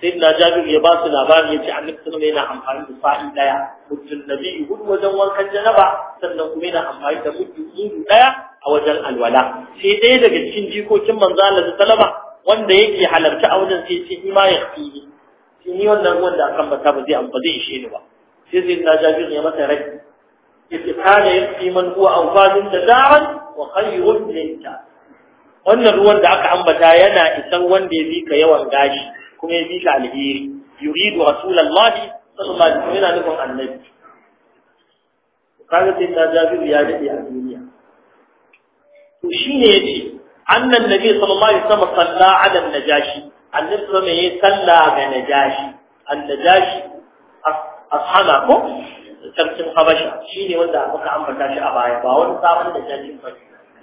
sai na jabi ya ba su labari yace annabi sallallahu yana amfani da sa'i daya mutum nabi hudu wajen wankan janaba sannan kuma yana amfani da mutum hudu daya a wajen alwala sai ɗaya daga cikin jikokin manzo Allah sallama wanda yake halarta a wajen sai ce ima ya fi ni wannan wanda aka bata ba zai amfani da ishe ni ba sai sai na jabi ya masa rai يتقال يبقي من هو أوفاد تزارا وخير منك wannan ruwan da aka ambata yana isan wanda ya fika yawan gashi kuma ya fika alheri yuridu rasulullahi sallallahu alaihi wasallam yana nufin annabi kaga sai ta jabiru ya dade a duniya to shine yace annan nabi sallallahu alaihi wasallam salla ala najashi annabi sallallahu alaihi wasallam ya ga najashi annajashi ashana ko sarkin habasha shi ne wanda muka ambata shi a baya ba wani sabon da jajin ba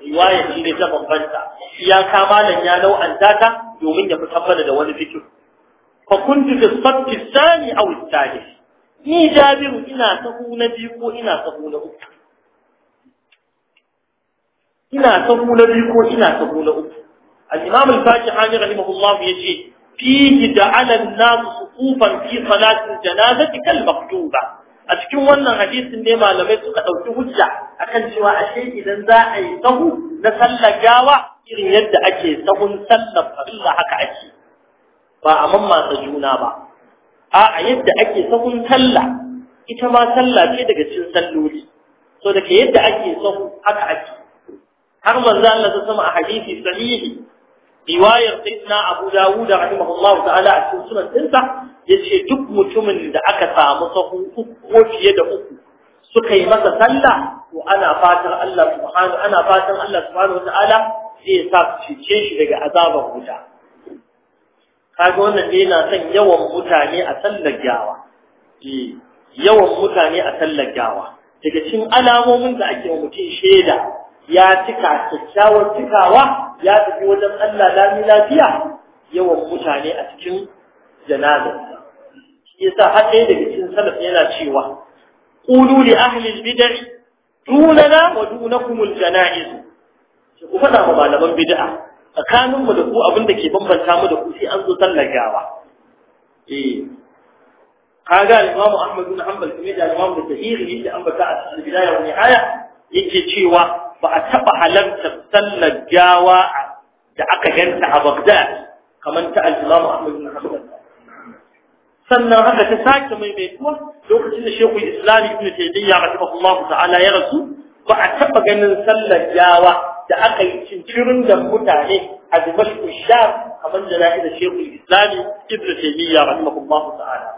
riwayar shi ne ta bambanta ya kamalan ya nau'anta ta domin ya fi mana da wani fikir fa kuntu fi sabti sani aw thalith ni jabiru ina sahu na biyu ko ina sahu na uku ina sahu na biyu ko ina sahu na uku al-imam al-fatihi rahimahullah yace fihi da'ala an-nas sufufan fi salati janazati kal-maktuba a cikin wannan hadisin ne malamai suka ɗauki hujja akan cewa ashe idan za a yi sahu na sallar gawa irin yadda ake sahun sallar farilla haka ake ba a mammatsa juna ba a yadda ake sahun sallah ita ma sallah ce daga cikin salloli so daga yadda ake sahu haka ake har manzo Allah ta sama a hadisi sahihi riwayar sayyidina Abu Dawud rahimahullahu ta'ala a cikin sunan yace duk mutumin da aka samu sahu uku ko fiye da uku suka yi masa sallah to ana fatan Allah subhanahu ana fatan Allah subhanahu wataala zai sa su cece shi daga azabar wuta kaga wannan ne yana son yawan mutane a sallar gawa eh, yawan mutane a sallar gawa daga cikin alamomin da ake mutum shaida ya cika kyakkyawar cikawa ya tafi wajen Allah lami lafiya yawan mutane a cikin janazar yasa har ɗaya daga cikin salaf yana cewa qulu li ahli al-bid'i dunana wa dunakum al-janaiz ku faɗa ma malaman bid'a tsakanin mu da ku abin da ke bambanta mu da ku sai an zo sallar gawa eh kaga Imam Ahmad bin Hanbal kuma da Imam Bukhari yake ambata a cikin bidaya wa nihaya yake cewa ba a taba halartar sallar da aka ganta a Baghdad kamar ta Imam Ahmad bin Hanbal sannan haka ta sake mai mai maimaituwa lokacin da shekul islam ibn taymiyya rahimahullahu ta'ala ya rasu ba a taba ganin sallar jawa da aka yi cincirin da mutane a dimashku sham kamar jana'izar shekul islam ibn taymiyya rahimahullahu ta'ala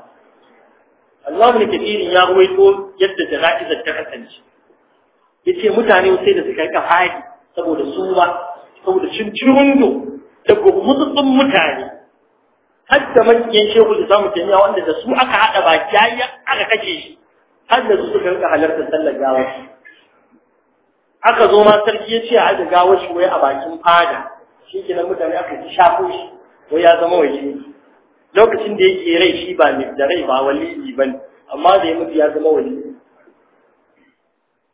Allah ne kafirin ya ruwaito yadda jana'izar ta kasance yace mutane sai da suka rika fadi saboda suma saboda cincirin da gurmutsutsun mutane har da manyan shehu da samu taimiya wanda da su aka haɗa baki yayi aka kace shi har da su suka rika halartar sallar gawar aka zo ma sarki ya ce a haɗa gawar shi wai a bakin fada shi nan mutane aka ci shafo shi wai ya zama waje lokacin da yake rai shi ba mai da rai ba ne ba ne amma da ya mutu ya zama wali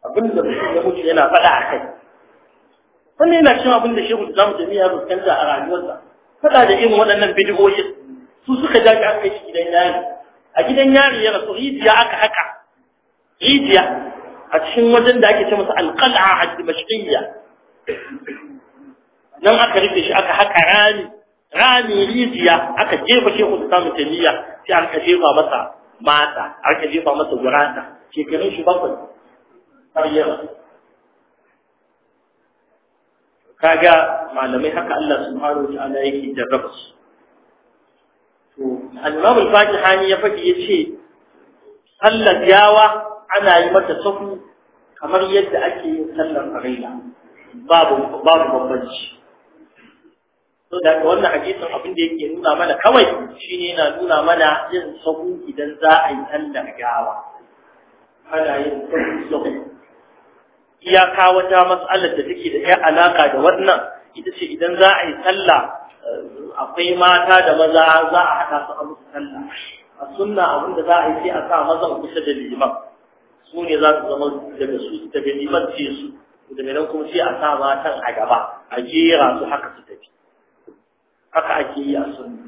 abin da ya mutu yana faɗa a kai wannan yana cin abin da shehu da zamu taimiya ya fuskanta a rayuwarsa faɗa da irin waɗannan bidiyoyin su suka ja aka kai shi gidan yari a gidan yari ya rasu rijiya aka haka rijiya a cikin wajen da ake ce masa alqal'a ad-dimashqiyya nan aka rufe shi aka haka rami rami rijiya aka jefa shi kusa samun tamiya sai aka jefa masa mata aka jefa masa gurata shekarun shi bakwai har yawa kaga malamai haka Allah subhanahu wa ta'ala yake jarraba su al-imam al ya faɗi yace sallar yawa ana yi mata safu kamar yadda ake yin sallar farilla babu babu bambanci to da wannan hadisin abin da yake nuna mana kawai shine yana nuna mana yin sahu idan za a yi sallar yawa. ana yin sahu iyaka wata mas'alar da take da ya alaka da wannan ita ce idan za a yi sallah eh, akwai mata da maza za a haɗa su a musu sallah a sunna abin da za a yi sai a sa maza kusa da liman su ne za su zama daga su daga liman ce su daga nan kuma sai a sa matan a gaba a jera su haka su tafi haka ake yi a sunna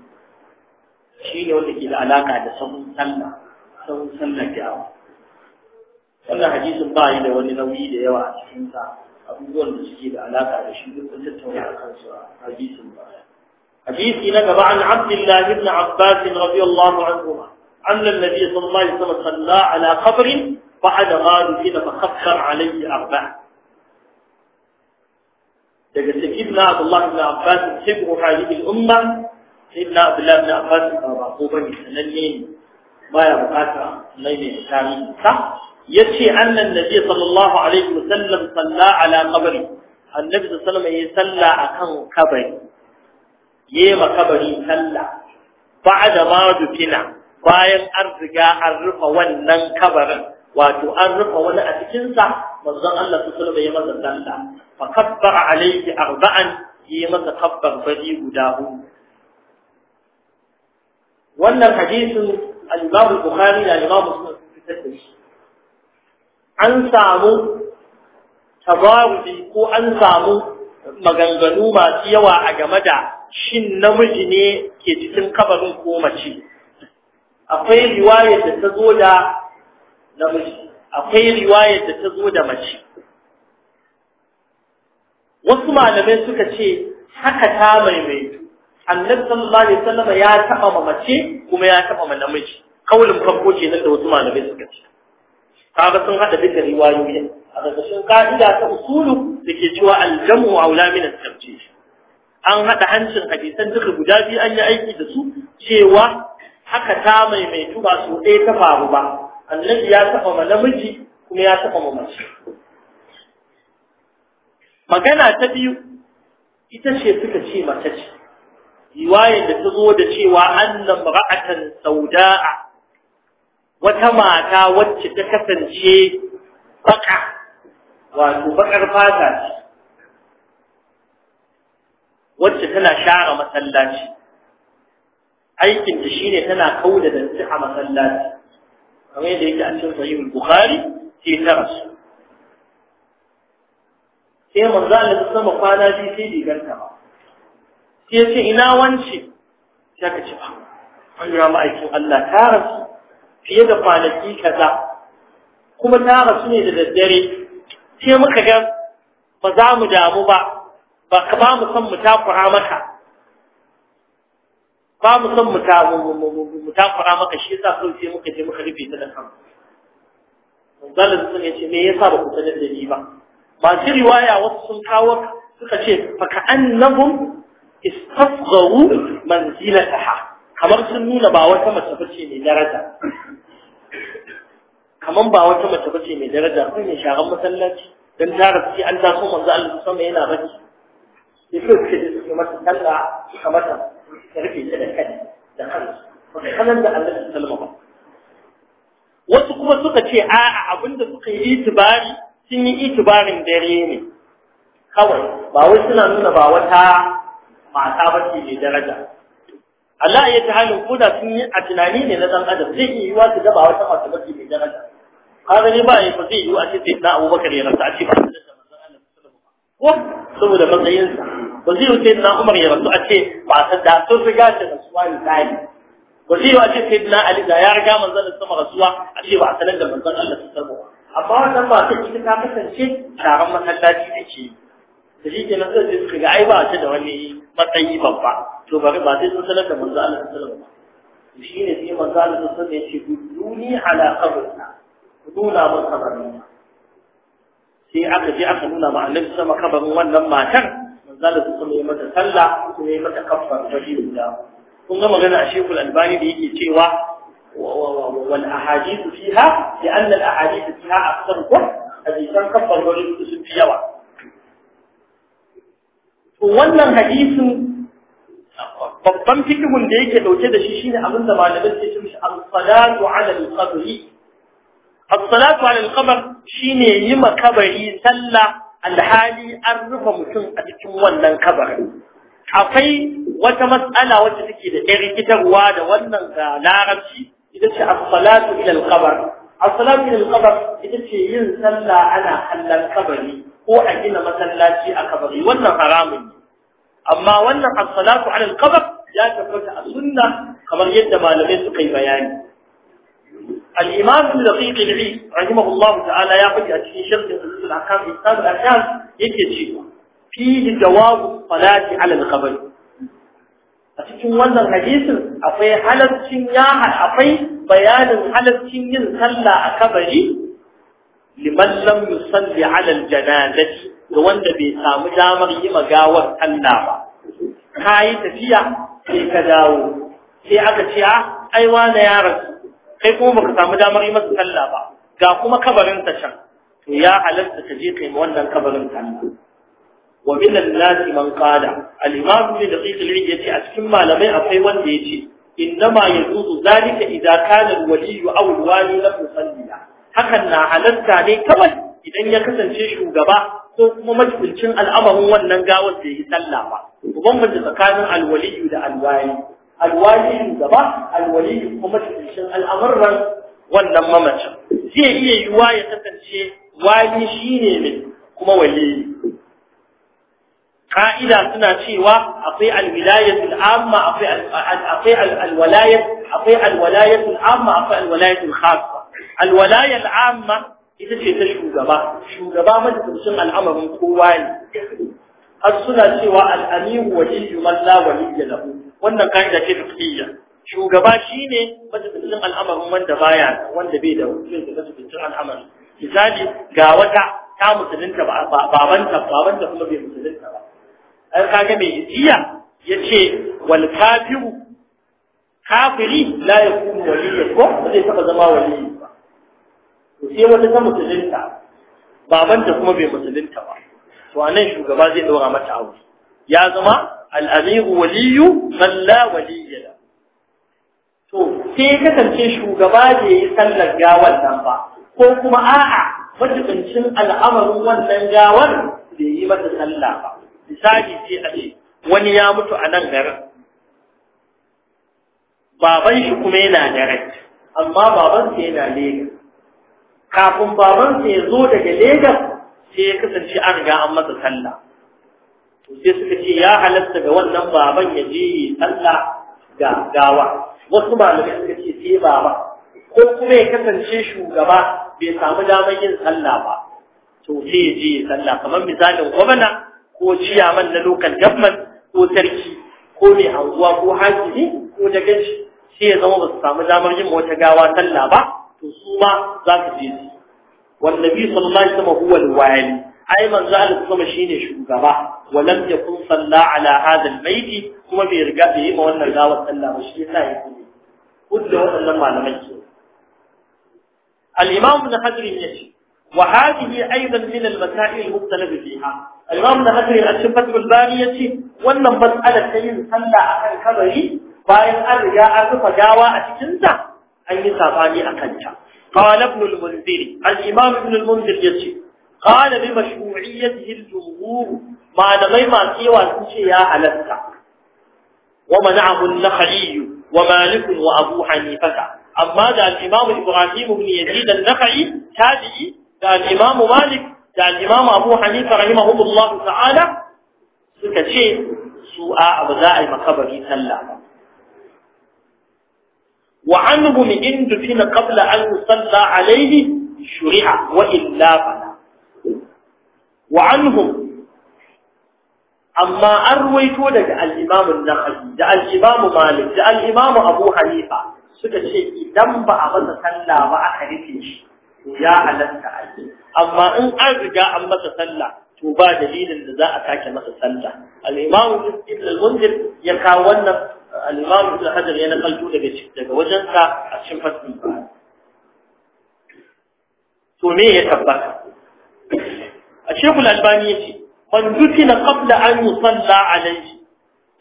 shi ne wanda ke da alaƙa da sabon sallah sahun sallah awa. wannan hadisin ba yi da wani nauyi da yawa a cikinsa abubuwan da suke da alaka da shi duk kun tattauna a kansu a hadisin baya hadisi na gaba an abdullah ibn abbas radiyallahu anhu أن النبي صلى الله عليه وسلم صلى على قبر بعد غار فينا فخفر عليه أربعة daga sayyidina Abdullah ibn Abbas sayyid hadhihi al-umma sayyidina Abdullah ibn Abbas ba ko bane sananne ne baya bukata lai ne tsami sa yace annan nabi sallallahu alaihi wasallam salla ala qabri annabi sallallahu alaihi wasallam ya akan kabari yema kabari salla ba'da ma dufina bayan an riga an rufa wannan kabarin wato an rufa wani a cikin sa manzon Allah sallallahu alaihi wasallam ya masa salla fa kabbara alaihi arba'an yi masa kabbar bari guda hudu wannan hadisin al-Imam Bukhari da al-Imam Muslim fitar da shi an samu tabarudi ko an samu maganganu masu yawa a game da shin namiji ne ke cikin kabarin ko mace akwai riwayar da ta zo da namiji akwai riwayar da ta zo da mace wasu malamai suka ce haka ta maimaitu annabi sallallahu alaihi wasallam ya taba mace kuma ya taba namiji kaulin farko nan da wasu malamai suka ce kaga sun hada duka riwayoyin a ƙarƙashin ka'ida ta usulu da ke cewa aljamu aula min tarjih an hada hancin hadisan duka guda biyu an yi aiki da su cewa haka ta mai mai tuba su ɗaya ta faru ba annabi ya taɓa ma namiji kuma ya taɓa ma mace magana ta biyu ita ce suka ce mace ce riwayar da ta zo da cewa annan ra'atan sauda'a wata mata wacce ta kasance baka wato bakar fata ce wacce tana share masallaci aikinta shine tana kauda datti a masallaci kamar yadda yake a cikin sahihul bukhari sai ta sai manzo Allah ya sama kwana biyu sai diganta ba sai ce ina wance sai ka ci ba ah, an yi ma'aikin Allah ta rasu fiye da kwanaki kaza kuma na rasu ne da daddare sai muka ga ba za mu damu ba ba ka ba mu san mu takura maka ba mu san mu takura maka shi yasa kawai sai muka je muka rufe ta da kanmu manzalin sun yace me yasa ba ku sanar da ni ba masu riwaya wasu sun kawo suka ce fa ka annahum istafgharu manzilataha kamar sun nuna ba wata mace bace mai daraja kamar ba wata mace bace mai daraja ko mai sharan masallaci dan tarafi an taso manzo Allah sama yana baki sai ko ce su mata talla suka mata rufe karfi da kai da kansu ba kanan da Allah sallama ba wasu kuma suka ce a'a abinda suka yi itibari sun yi itibarin dare ne kawai ba wai suna nuna ba wata mata bace mai daraja Allah ya ta halin koda sun yi a tunani ne na dan adam zai iya yiwa su gaba wata masu mafi mai daraja kaga ne ba ya fa zai yiwa a ce sai na Abubakar ya rasu a ce ba da manzon Allah ko saboda matsayinsa ba zai wuce na Umar ya rasu a ce ba san da sun riga shi rasuwa ne dai ba zai yiwa a ce sai na Ali da ya riga manzon Allah sama rasuwa a ce ba sanan da manzon Allah sallallahu alaihi wasallam amma wannan ba ta ita ta kasance taron masallaci ake yi da shi kenan sai suka ga ai ba ta da wani matsayi babba to bari ba sai sun sanar da manzo Allah sallallahu alaihi wasallam shi ne sai manzo Allah sallallahu alaihi wasallam ya ce duni ala qabrina nuna mun kabarin sai aka je aka nuna ma annabi sama kabarin wannan matar manzo Allah sallallahu alaihi mata sallah kuma ya mata kafar fadilu da kun ga magana a Sheikhul Albani da yake cewa wal ahadith fiha li anna al ahadith fiha akthar kun hadisan kafar fadilu sun fi yawa wannan hadisin babban fikihun da yake dauke da shi shine abin da malamin ke cewa as-salatu 'ala al as-salatu 'ala al-qabr shine yi makabari sallah alhali an rufe mutum a cikin wannan kabarin akwai wata matsala wacce take da ɗan rikitarwa da wannan ga larabci ita ce as-salatu ila al-qabr as-salatu ila al-qabr ita ce yin sallah ana kallon kabari ko a gina masallaci a kabari wannan haramun ne amma wannan as-salatu ala al-qabr ya tabbata a sunna kamar yadda malamai suka yi bayani al-imam al-daqiq al-bi rahimahullah ta'ala ya faɗi a cikin sharh al-ahkam al-ahkam al-ahkam yake cewa fihi jawabu salati ala al-qabr a cikin wannan hadisin akwai halaccin ya akwai bayanin halaccin yin sallah a kabari liman lam yusalli ala aljanazati ga wanda bai samu damar yi magawar Allah ba kai tafiya sai ka dawo sai aka ce a ah, ai wani ya rasu kai kuma baka samu damar yi masa sallah ba ga kuma kabarin ta can to ya halatta ka je kai wannan kabarin ta wa min an-nas man qala al-imam ibn daqiq al-ilmi yace a cikin malamai akwai wanda yace innama yazuzu zalika idza kana al-wali aw al-wali lam yusalli hakan na halarta ne kawai idan ya kasance shugaba ko kuma majibincin al'amarin wannan gawar da yi sallah ba ku bambanta tsakanin alwaliyu da alwali alwali shugaba alwaliyu kuma majibincin al'amuran wannan mamacin zai iya yiwuwa ya kasance wali shine ne kuma wali ka'ida suna cewa akwai alwilayatul amma akwai akwai alwalayat akwai alwalayatul amma akwai alwalayatul khassa alwalaya Amma ita ce ta shugaba shugaba madadin al'amarin kowa ne har suna cewa al'amiru waliyyu man la waliyya lahu wannan kaida ce fiya. shugaba shi ne madadin al'amarin wanda baya wanda bai da wani da cikin al'amarin. misali ga wata ta musulunta babanta babanta kuma bai musulunta ba ai kage mai Ya ce wal kafiru kafiri la yakunu waliyya ko zai taba zama waliyyi to sai wata ta musulunta babanta kuma bai musulunta ba to anan shugaba zai daura mata aure ya zama al'amiru waliyu malla waliyya to sai kasance shugaba da yi sallar gawar nan ba ko kuma a'a majibincin al'amarin wannan gawar da yi mata sallah ba misali sai a ce wani ya mutu a nan garin baban shi kuma yana da amma baban sa yana lega kafin babansa ya zo daga Legas sai ya kasance an riga an masa sallah to sai suka ce ya halatta ga wannan baban ya je yi sallah ga gawa wasu malamai suka ce sai baba ko kuma ya kasance shugaba bai samu damar yin sallah ba to sai ya je yi sallah kamar misalin gwamna ko ciyaman na lokal government ko sarki ko mai anguwa ko hakimi ko shi sai ya zama ba su samu damar yin wata gawa sallah ba kuma za ka je su wannabi sallallahu alaihi wasallam huwa alwali ai manzo Allah kuma shugaba wa lam yakun salla ala hadha albayt kuma bai riga bai yi ma wannan dawa sallah ba shi yasa ya kuma kudda wannan malamai ke al-imam ibn hajar yace wa hadhihi aidan min al-masail al-mukhtalafa fiha al-imam ibn hajar a cikin fatwa al-bani yace wannan mas'alar ta yin sallah akan kabari bayan an riga an rufa gawa a cikin ta an yi saɓani a kanta. Kala ibn al-Munziri, al-Imam ibn ya ce, Kala bi mashu'iyyar jihil malamai masu yawa sun ce ya halatta. Wa mana'ahu al-Nakhaliyu wa Malikun Abu Hanifata. Amma da al-Imam Ibrahim ibn Yazid al-Nakhali, Tabi'i, da al Malik, da al-Imam Abu Hanifa rahimahullahu ta'ala suka ce su a abu za a yi makabari sallah ba. wa anhu min indufina qabla an yusalla alayhi shuri'a wa illa fala wa amma an ruwaito daga al'imamun nahaji da al'imamu malik da al'imamu abu hanifa suka ce idan ba a masa sallah ba aka rufe shi ya halatta a yi amma in an riga an masa sallah to ba dalilin da za a sake masa sallah al'imamu ya kawo wannan al-imam ibn hajar ya nakalto daga daga wajen sa a cikin fasin ba to me ya tabbata a shekul albani yace man dukina qabla an yusalla alayhi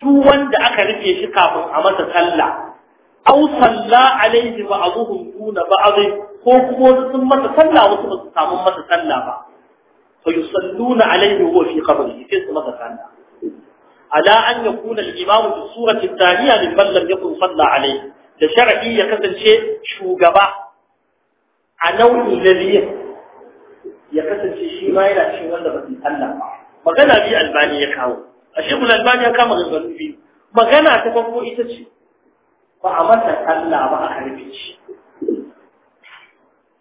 duk wanda aka rufe shi kafin a masa sallah aw salla alayhi ba'dhum duna ba'd ko kuma wasu sun masa sallah wasu ba su samu masa sallah ba fa yusalluna alayhi huwa fi qabrihi sai su masa sallah ala an yakuna al-imam bi surati taliya min man lam yakun salla da shar'i ya kasance shugaba a nau'i na biyu ya kasance shi yana cikin wanda ba su magana biyu albani ya kawo a shekul albani ya kama gangan biyu magana ta farko ita ce ba a masa ba a harbe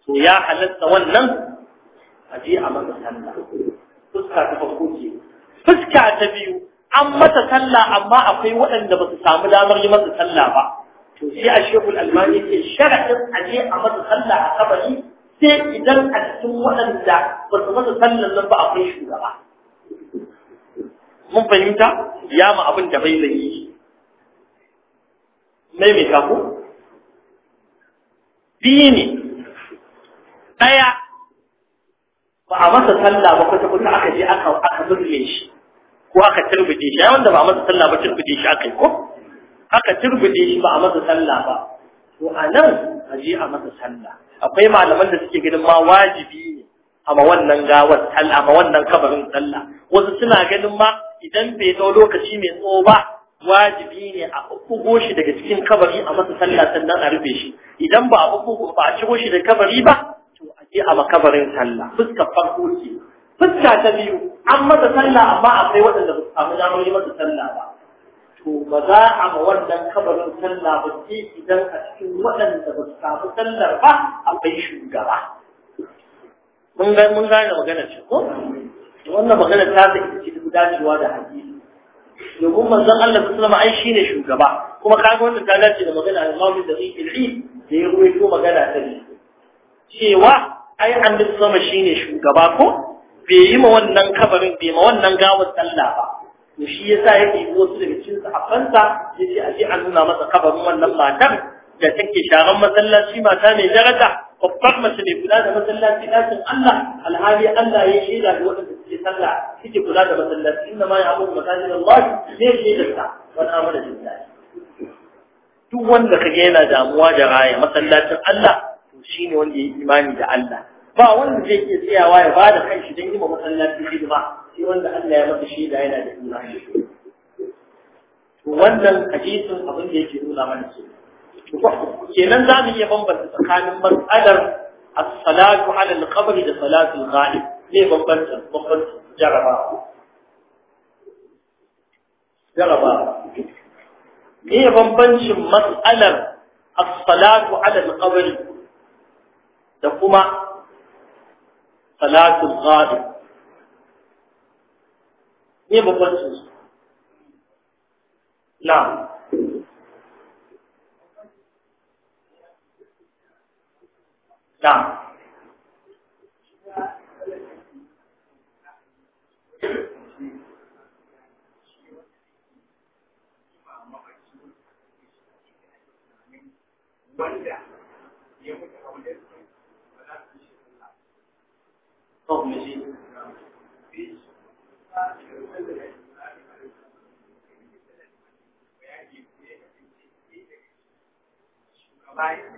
to ya halatta wannan a masa fuska fuska ta biyu an masa sallah amma akwai waɗanda ba su samu damar yi masa sallah ba to shi a shekul almani ke sharaɗin a je a masa sallah a kabari sai idan a cikin waɗanda ba su masa sallah nan ba akwai shugaba mun fahimta ya ma abin da bai zai yi mai mai kafu biyu ne ɗaya ba a masa sallah ba kwata-kwata aka je aka ko aka turbide shi wanda ba a masa sallah ba turbide shi aka yi ko aka turbide shi ba a masa sallah ba to a nan a je a masa sallah akwai malaman da suke ganin ma wajibi ne a ma wannan gawar sallah ma wannan kabarin sallah wasu suna ganin ma idan bai dau lokaci mai tsawo ba wajibi ne a bugo shi daga cikin kabari a masa sallah sannan a rufe shi idan ba a bugo ba a ciro shi da kabari ba to a je a makabarin sallah fuskar farko ce fuska ta biyu an masa sallah amma akwai waɗanda ba su samu damar yi masa sallah ba to ba za a ma wannan kabarin sallah ba sai idan a cikin waɗanda ba su samu sallar ba akwai shugaba mun ga mun gane magana ce ko wannan magana ta ta ita ce dacewa da hadisi domin manzon Allah ta sallama ai shine shugaba kuma kaga wannan ta dace da magana al-Imam Dabiq al da ya ruwaito magana ta ne cewa ai an annabi sama shine shugaba ko bai yi ma wannan kabarin bai ma wannan gawar sallah ba to shi yasa yake wasu daga cikin sahabbansa yace a je a nuna masa kabarin wannan matar da take sharan masallaci mata mai daraja babbar mace ne kula da masallaci ɗakin Allah alhali Allah ya shaida da waɗanda suke sallah suke kula da masallaci inna ma ya masajid Allah ne shaidarsa wani amana lillahi duk wanda kage yana damuwa da raya masallacin Allah to shine wanda ya imani da Allah ba wanda zai iya tsayawa ya bada kanshi don yi ma masallaci ba, sai wanda Allah ya masa shaida yana da juna to wannan hadisin abin da yake nuna mana ke kenan za mu iya bambanta tsakanin mas'alar as-salatu ala al-qabr da salatu al-ghaib ne bambanta bambanta jaraba jaraba ne bambancin mas'alar as-salatu ala al-qabr da kuma salatul ghaib ne bambancin su na na bayan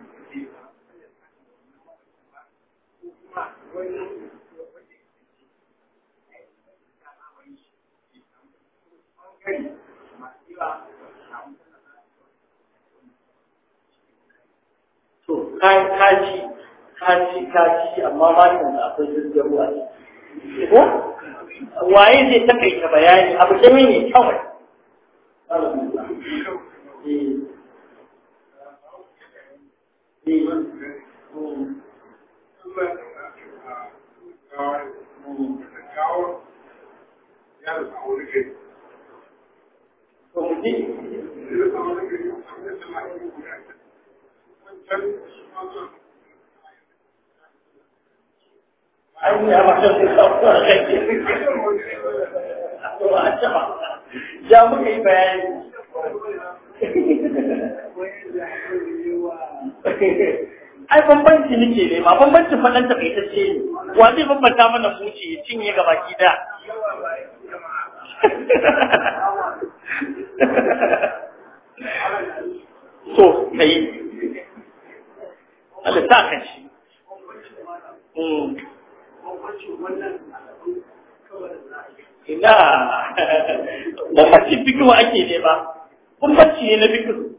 To, kaci, kaci, kaci, amma matan da akwai zirgarwa ne. Ko? Waye zai takaita bayani abu da kawai. Eh. ya muka yi bayani ai bambanci nake ne ma bambanci faɗan tace ne wa zai bambanta mana muci ya cinye gaba gida. da so kai Allah ta kan shi hmm. ina ba ci fikiwa ake ne ba bambanci ne na fikiru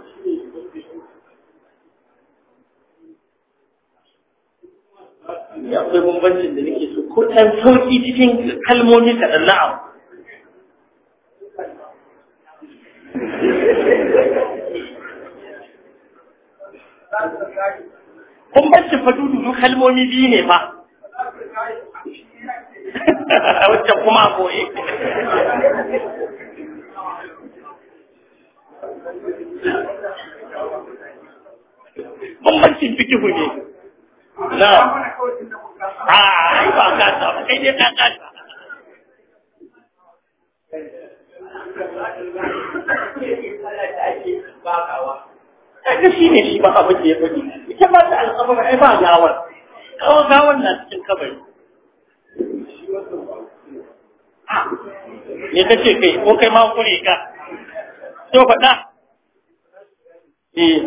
ya akwai bambancin da nake so ko ɗan sauƙi cikin kalmomi kaɗan na'am bambancin fadudu kalmomi biyu ne ba. wacce kuma koyi bambancin fikihu ne na'am a ah, ai ba ka ta kai dai ka ka shi ne shi ba abin da ya faɗi, ita ba ta alƙabar ai ba gawar, kawai gawar na cikin kabari. Ah, me ta ce kai, ko kai ma kure ka, to faɗa. Eh.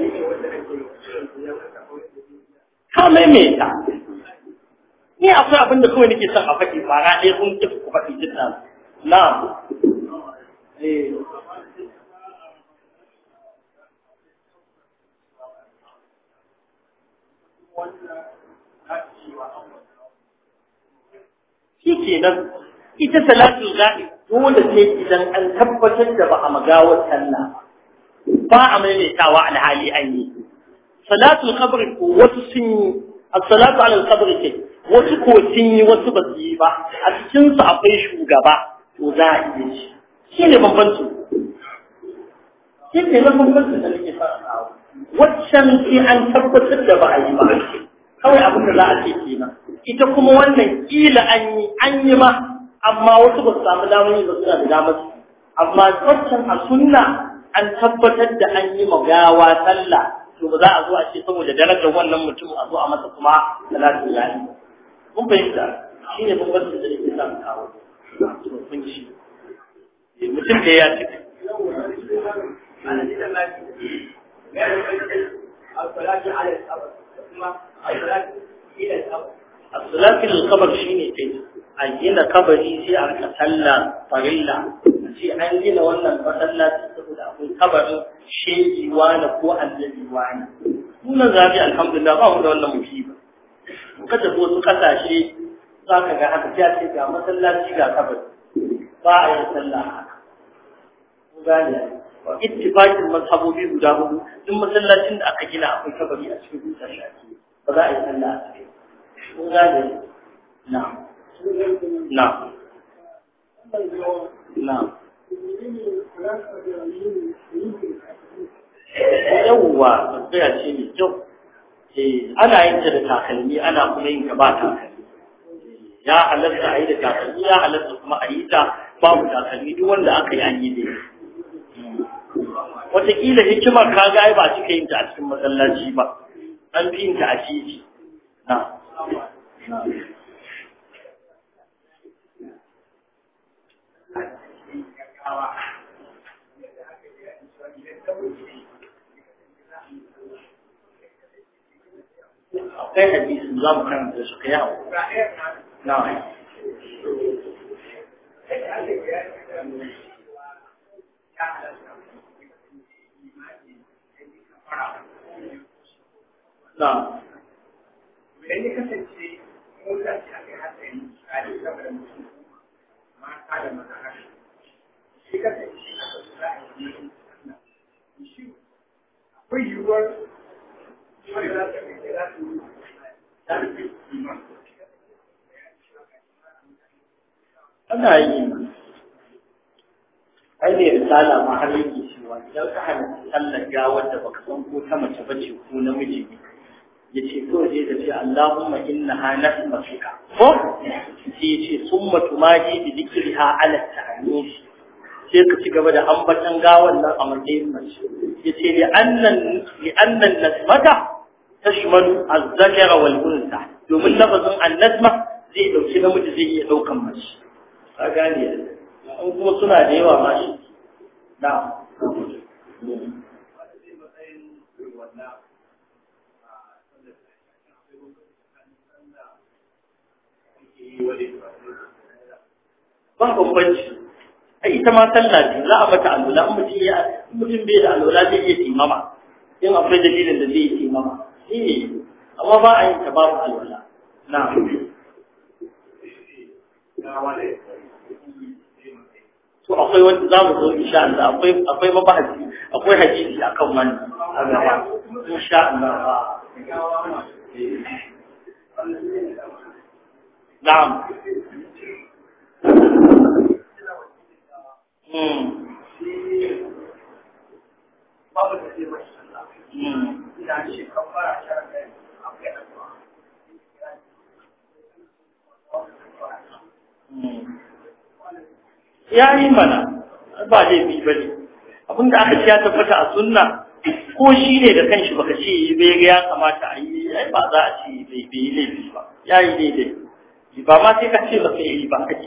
ka maimaita ni akwai abin da kawai nake son a faɗi ba ra ɗaya kun ki ku faɗi duk nan na eh shi ke nan ita salatul ga'i dole ce idan an tabbatar da ba a magawar sallah ba a maimaitawa alhali an yi salatul qabr wasu sun yi as-salatu ala al-qabr kai wasu ko sun yi wasu ba su yi ba a cikin su akwai shugaba to za a iya shi shine bambanci shine bambanci da nake fara waccan sai an tabbatar da ba a yi ba kawai abin da za a ce kenan ita kuma wannan kila an yi an yi ma amma wasu ba su samu damar yi ba suna da damar amma waccan a sunna an tabbatar da an yi magawa sallah to ba za a zo a ce saboda darajar wannan mutum a zo a masa kuma salatu ya yi mun fahimta shi ne bambancin da yake samun kawo mun ci eh, mutum da ya ci Asalafin al-kabar shi ne kai, a gina kabari sai a rika sallah farilla, sai an gina wannan masallaci kabarin shehi wani ko annabi wani sunan zabi alhamdulillah ba mu da wannan musiba ka tafi wasu ƙasashe za ka ga haka ta ce ga masallaci ga kabari ba a yin sallah haka. gane ittifaqin mazhabobi guda hudu duk masallacin da aka gina akwai kabari a cikin dukkan ba za a yi sallah a cikin mun gane na na na yawwa tsaya ce mai kyau eh, ana yin ta da takalmi ana kuma yin ta ba takalmi eh, ya halatta a yi da takalmi ya halatta kuma a yi ta babu takalmi duk wanda aka yi an yi da wataƙila hikimar ka ga ba cika yin ta a cikin masallaci ba an fi yin ta a titi na Awa. akwai hadisin za mu karanta su ka yawo na na idan ya kasance a kai hatsari a mutum mata da maza akwai yiwuwar ana yi ai ne risala ma har yake cewa idan ka hana sallar gawar da baka san ko ta mace bace ko namiji ne ya ce ko zai da ce Allahumma inna ha nasma fika ko sai ya ce sun da tumaji ha alatta ala ta'anis sai ka ci gaba da ambaton gawan nan a matsayin mace ya ce na nasmata ta shimalu a zakara wal unsa domin lafazin annasma zai ɗauki namiji zai iya ɗaukan mace a gane in kuma suna da yawa ma shi na ba bambanci ai ita ma sallah ce za a bata alula in mutum ya mutum bai da alula zai iya timama in akwai dalilin da zai yi timama eh amma ba a yi ta babu alula na to akwai wanda za mu zo insha Allah akwai akwai mabahasi akwai hadisi akan wannan insha Allah na'am ya yi mana ba zai ba ne abin da aka ce ya tabbata a sunna ko shi ne da kanshi baka ce bai ga ya kamata a yi yi ba za a ce bai yi laifi ba ya yi daidai ba ma sai ka ce sai yi ba ka kake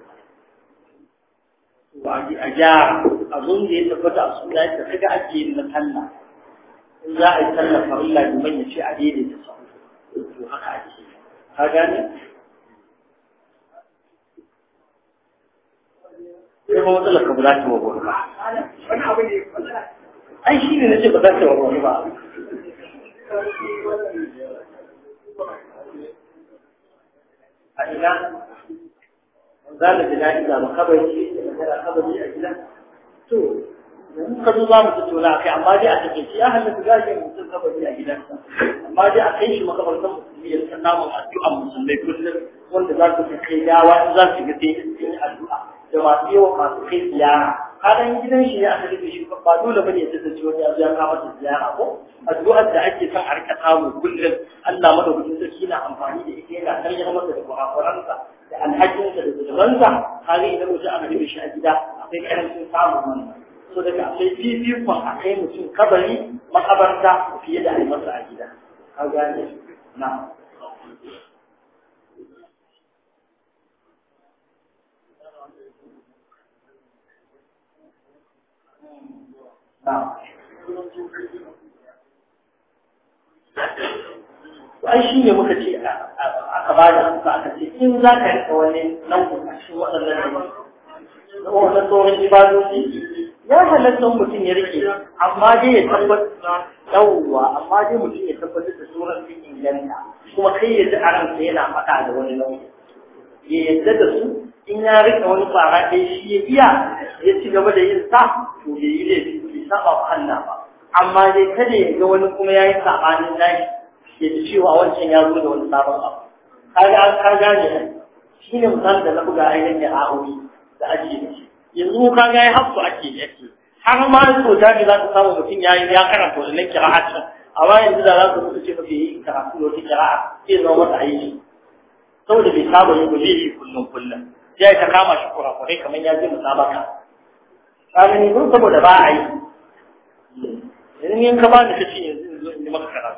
a gyara abin da ya tabbata a suna da kaga ake yin na talla, in za a yi sallah farilla da manya ce a daidaita sahu to haka ake ka gane sai ba matsalar ka ba za ta ba. wani ba ai shi ne na ce ba za ta wa wani ba a ina za da jina'i da makabarci kabari a gida to in ka zo za mu tattauna kai amma dai a takaice ya halatta gashin mutum kabari a gidansa amma dai a kai shi makabartan musulmi ya san namun addu'an musulmai kullum wanda za su kai gawa in za su ga sai in addu'a da masu yawa masu kai ziyara kadan gidan shi ne aka rufe shi ba dole bane ya tsaye wani abu ya kama ta ziyara ko addu'ar da ake son a rika samu kullum Allah madaukakin sarki na amfani da ita yana kallon masa da kurakuransa da alhakinsa da zubansa kare idan mutum ana rufe shi a gida akwai karancin samun wani. so daga akwai fifikon a kai mutum kabari makabarta fiye da a masa a gida ka gane na ai shi ne muka ce a ba da suka aka ce in za ka rika wani nan ku a cikin waɗannan da na wannan tsohon ibadoji ya halatta mutum ya rike amma dai ya tabbatar yawwa amma dai mutum ya tabbatar da surar sun inganta kuma kai ya ji a ransa yana faɗa da wani nauyi ya yadda da su in ya rika wani ƙwara ɗaya shi ya iya ya ci gaba da yin sa to bai yi laifi bai saba wa Allah ba amma dai kada ya ga wani kuma ya yi saɓanin nashi ya ji cewa wancan ya zo da wani sabon abu kaga an ka gane nan shi ne misali da na buga ainihin a ahuri da ake da shi yanzu ka ga ya hafu ake yake har ma so ta za ta samu mutum ya yi ya karanta wannan kira'atin a yanzu da za ku mutu ce mafi yi karatu da wata a, ke zama masa aiki saboda bai saba yin yi kullum kullum yi ta kama shi kurakurai kamar ya je mu ka. kamar ne saboda ba a yi yanzu in ka ba ni kace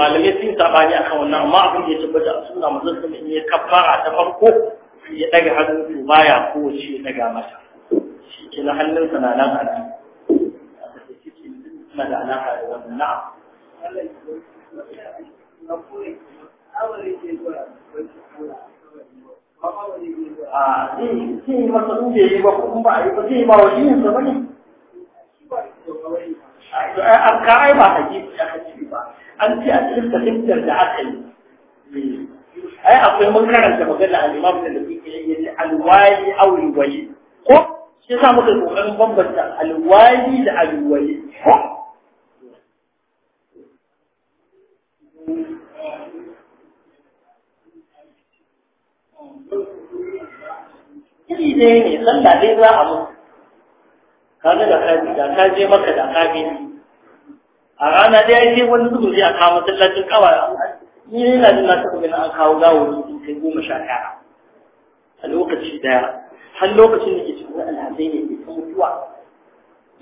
malamai sun ne akan wannan amma abin da ya tabbata a suna mazan sun in ya kafara ta farko ya daga hannu su baya ko shi daga mata shi ke na hannun sa na nan a zai ba kuma ba a yi ba ka ai ba ya ba an ce a cikin da aka yi ai akwai mun karanta magana al-imam da lafi ke yi alwali aw alwali ko shi yasa muka kokarin bambanta da ne dai za a mutu, ka da ka je maka da ka a rana ɗaya sai wani zubin zai a kawo masallacin kawai ni yana jin na taɓa ganin an kawo gawo ne kai goma sha ɗaya a lokaci ɗaya har lokacin da ke cikin alhazai ne ke ta mutuwa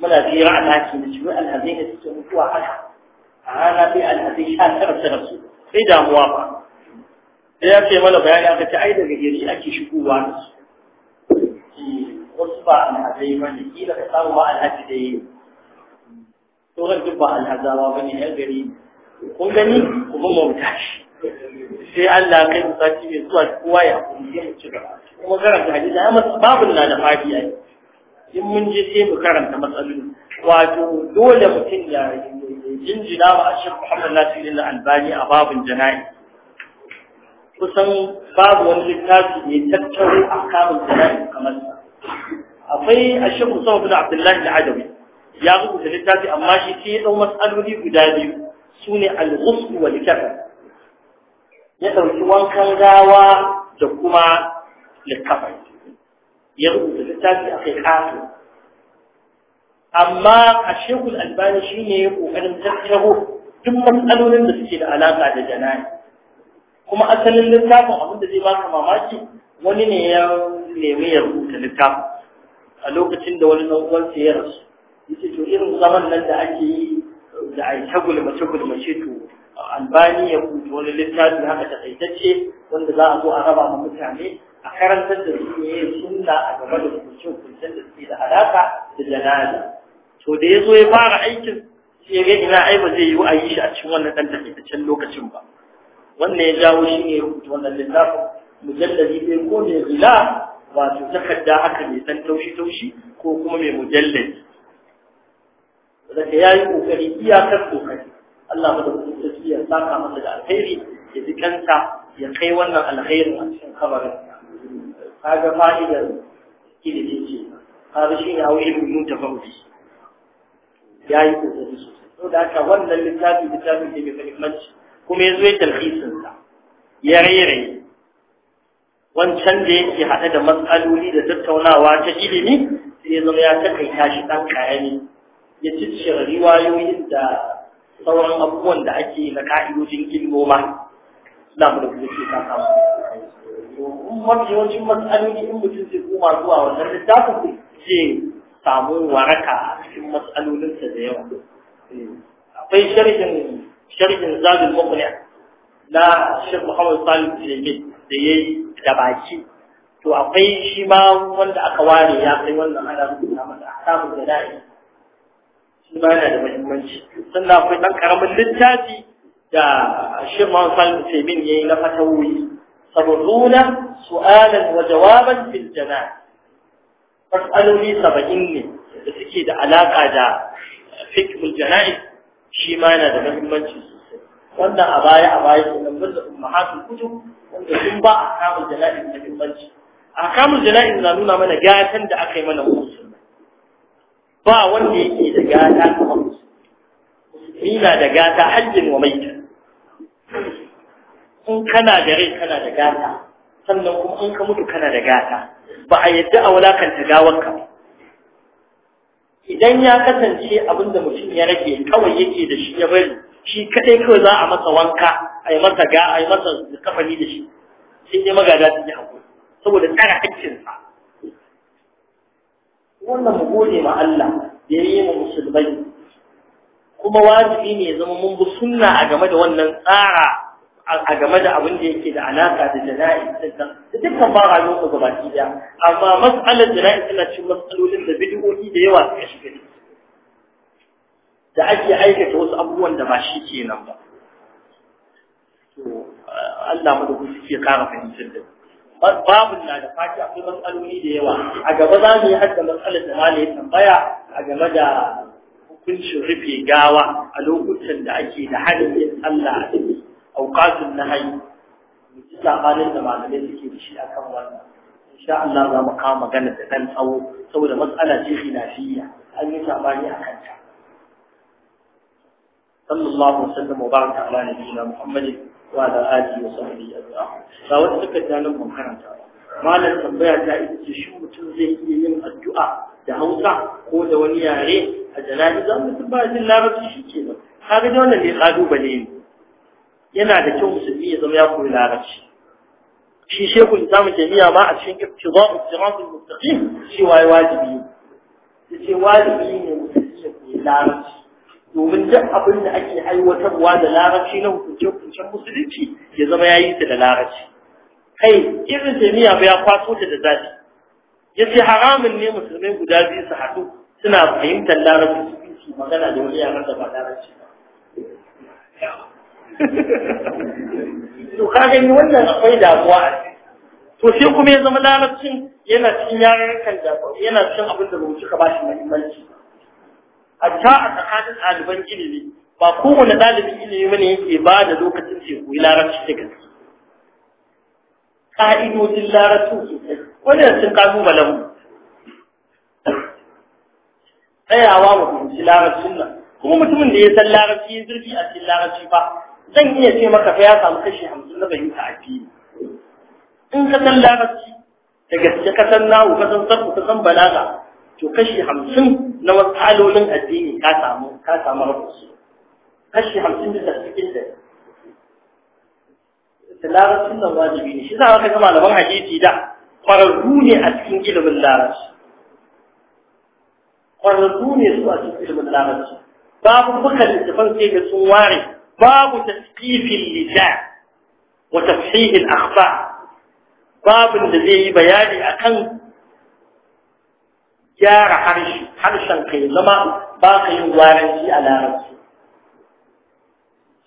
muna fira a ɗaki da cikin alhazai ne ke ta mutuwa haka a rana ɗaya alhazai sha tara tara su sai damuwa ba sai ya ce mana bayani aka ce ai daga gari ake shigowa da su wasu ba alhazai ba ne kila ka samu ba alhaji da yi sauran duk ba alhazawa ba ne yan gari kun gani kuma mauta shi sai Allah kai mu sati mai zuwa kowa ya kuma mu ci gaba kuma karanta hadisi amma babun na da fadi ai in mun je sai mu karanta matsaloli wato dole mutum ya jinjina wa Ashir Muhammad Nasiruddin Albani a babun jana'i kusan babu wani littafi mai tattaro a kamun jana'i kamar sa akwai Ashir Musa bin Abdullahi Al-Adawi ya rubuta littafi amma shi sai ya mas'aloli guda biyu sune al-ghusl wal ya ɗauki wankan gawa da kuma likafan ya rubuta littafi kai kafu amma a shekul albani shine ya kokarin tattaro duk matsalolin da suke da alaka da jana'i kuma asalin littafin abinda zai baka mamaki wani ne ya nemi ya rubuta littafin a lokacin da wani nau'uwansa ya rasu yake to irin zaman nan da ake yi da a ta gulmace gulmace to albani ya kuce wani littafi haka takaitacce wanda za a zo a raba ma mutane a karantar da su ne eh, sunna a gaba da kucin kucin da suke da alaka da janaza to da ya zo ya fara aikin sai ya ga ina ai ba zai yi a yi shi a cikin wannan ɗan takaitaccen lokacin ba wannan ya jawo shi ne rubuta wannan littafin mujalladi ɗaya ko ne zila wato takarda haka mai ɗan taushi-taushi ko kuma mai mujallali daga yayi kokari iyakar kokari Allah ba da kusurci ya saka masa da alkhairi ya ji kanta ya kai wannan alkhairin a cikin kabarin kaga fa'idar ilimi ce kaga shi ne aure mu mun Ya yayi kokari sosai to da aka wannan littafi littafi ne mai muhimmanci kuma yazo ya talhisin sa ya rere wancan da yake haɗe da matsaloli da tattaunawa ta ilimi sai ya zama ya takaita shi ɗan ƙarami ya ciccire riwayoyin da sauran abubuwan da ake na ka'idojin ilmoma suna mu da kuke ke ta samu in mafi yawancin matsaloli in mutum zai koma zuwa wannan littafin ke samu waraka a cikin matsalolinsa da yawa akwai sharhin sharhin zadul muqni na Sheikh Muhammad Salim jami da yayi da baki to akwai shi ma wanda aka ware ya kai wannan ana rubuta masa ahkamul jana'i shi yana da mahimmanci sannan akwai ɗan ƙaramin littafi da Sheikh Muhammad Salim ya yi na fatawoyi sab'una su'alan wa jawaban fil jana fasaloli saba'in ne da suke da alaƙa da fiqhul jana'i shi ma yana da mahimmanci sosai wannan a baya a baya kenan bin da ummahatul kutub wanda sun ba a kamul jana'i mahimmanci. a kamul jana'i na nuna mana gatan da aka yi mana musulmi ba wanda yake da gata kamar musulmi na da gata hajjin wa maita in kana da rai kana da gata sannan kuma in ka mutu kana da gata ba a yadda a wulakanta gawarka ba idan ya kasance abin da mutum ya rage kawai yake da shi ya bari shi kaɗai kawai za a masa wanka a yi masa ga a yi masa kafani da shi sai dai magada su yi hakuri saboda tsara hakkinsa wannan mu gode ma Allah da ya yi mu musulmai kuma wajibi ne ya zama mun bi sunna a game da wannan tsara a game da abin da yake da alaka da jana'i da dukkan ba rayuwar mu gabaki daya amma mas'alar jana'i tana cikin mas'alolin da bid'o'i da yawa suka shiga da ake aikata wasu abubuwan da ba shi ke nan ba to Allah mu da ku suke kara fahimtar da babun na da fati akwai matsaloli da yawa a gaba za mu yi hadda matsalar da malai ya tambaya a game da hukuncin rufe gawa a lokutan da ake da halin yin sallah a ciki auqatun nahyi mu ci sabanin da malamai suke da shi akan wannan insha Allah za mu kawo magana da ɗan tsawo saboda matsala ce khilafiyya an yi sabani akan ta sallallahu alaihi wa wa baraka ala nabiyyina muhammadin وعلى آله وصحبه أجمعين فأول سكة جانا مكرمة malam tambaya ta ita shi mutum zai iya yin addu'a da Hausa ko da wani yare a jana'iza mutum ba jin larabci shi ke nan kaga da wannan ne kalubale ne yana da kyau musulmi ya zama ya koyi larabci shi shekul islam jami'a ma a cikin ibtida'u siratul mustaqim shi wai wajibi yace wajibi ne musulmi ya koyi larabci domin duk abin da ake aiwatarwa da larabci na hukunce-hukuncen musulunci ya zama ya yi da larabci kai irin taimiyya ba ya kwaso ta da zafi ya ce haramun ne musulmai guda biyu su haɗu suna fahimtar larabci su fi su magana da wani yaran da ba larabci ba to ka gani wannan akwai damuwa a to sai kuma ya zama larabcin yana cin kan da yana cin abin da ba mu cika ba shi muhimmanci hatta a tsakanin ɗaliban ilimi ba kowane ɗalibin ilimi ne yake ba da lokacin ce koyi larabci da gaske ka'idodin larabci sosai wajen sun kalubalen mu tsayawa mu fahimci larabcin nan kuma mutumin da ya san larabci ya zurfi a cikin larabci ba zan iya ce maka fa ya samu kashi hamsin na fahimta a fili in ka san larabci da gaske ka san nawu ka san sarku ka san balaga to kashi hamsin na matsalolin addini ka samu ka samu rabusu kashi hamsin bisa cikin da larabcin nan wajibi ne shi za ka ga malaman hadisi da kwararru ne a cikin ilimin larabci kwararru ne su a cikin ilimin larabci babu buka littafan sai ga sun ware babu tasqifin lisan wa tafsihil akhfa babin da zai yi bayani akan gyara harshe harshen ka ya zama ba ka yin gwaranci a larabci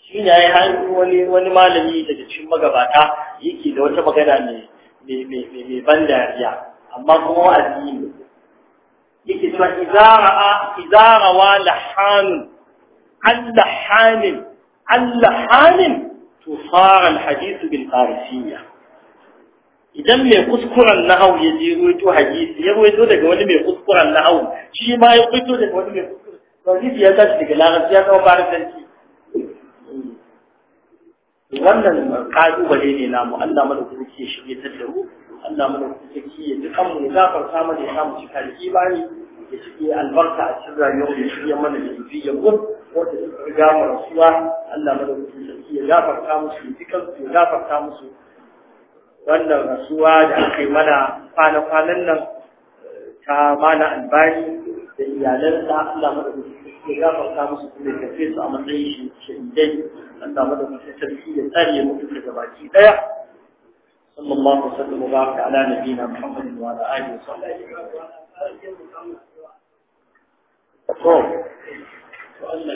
shi ne ya wani wani malami daga cikin magabata yake da wata magana mai ban dariya amma kuma wa'azi ne yake cewa izara izara wa lahanun an lahanin an lahanin to fara alhadisu farisiyya idan mai kuskuren hau ya je ruwaito hadisi ya ruwaito daga wani mai kuskuren hau, shi ma ya ruwaito daga wani mai kuskuren hadisi ya tashi daga larabci ya zama farisanci wannan kalubale ne namu Allah mana kuma ke shirye ta da mu Allah mana kuma ke ya ji kan mu gafarta mana ya samu cika da bani. ya shige albarka a cikin rayuwar mai shirye mana da zuriyar mu wata suka riga gama rasuwa Allah mana kuma ke ya gafarta musu dukan su ya gafarta musu wannan rasuwa da aka yi mana kwana-kwanan nan ta mana albani da iyalansa Allah madaukakin ke ya farka musu kuma ya tafi su a matsayin shahidai Allah da tsari ya mutu daga baki daya sallallahu alaihi wa baraka ala nabiyina Muhammad wa ala alihi wa sahbihi to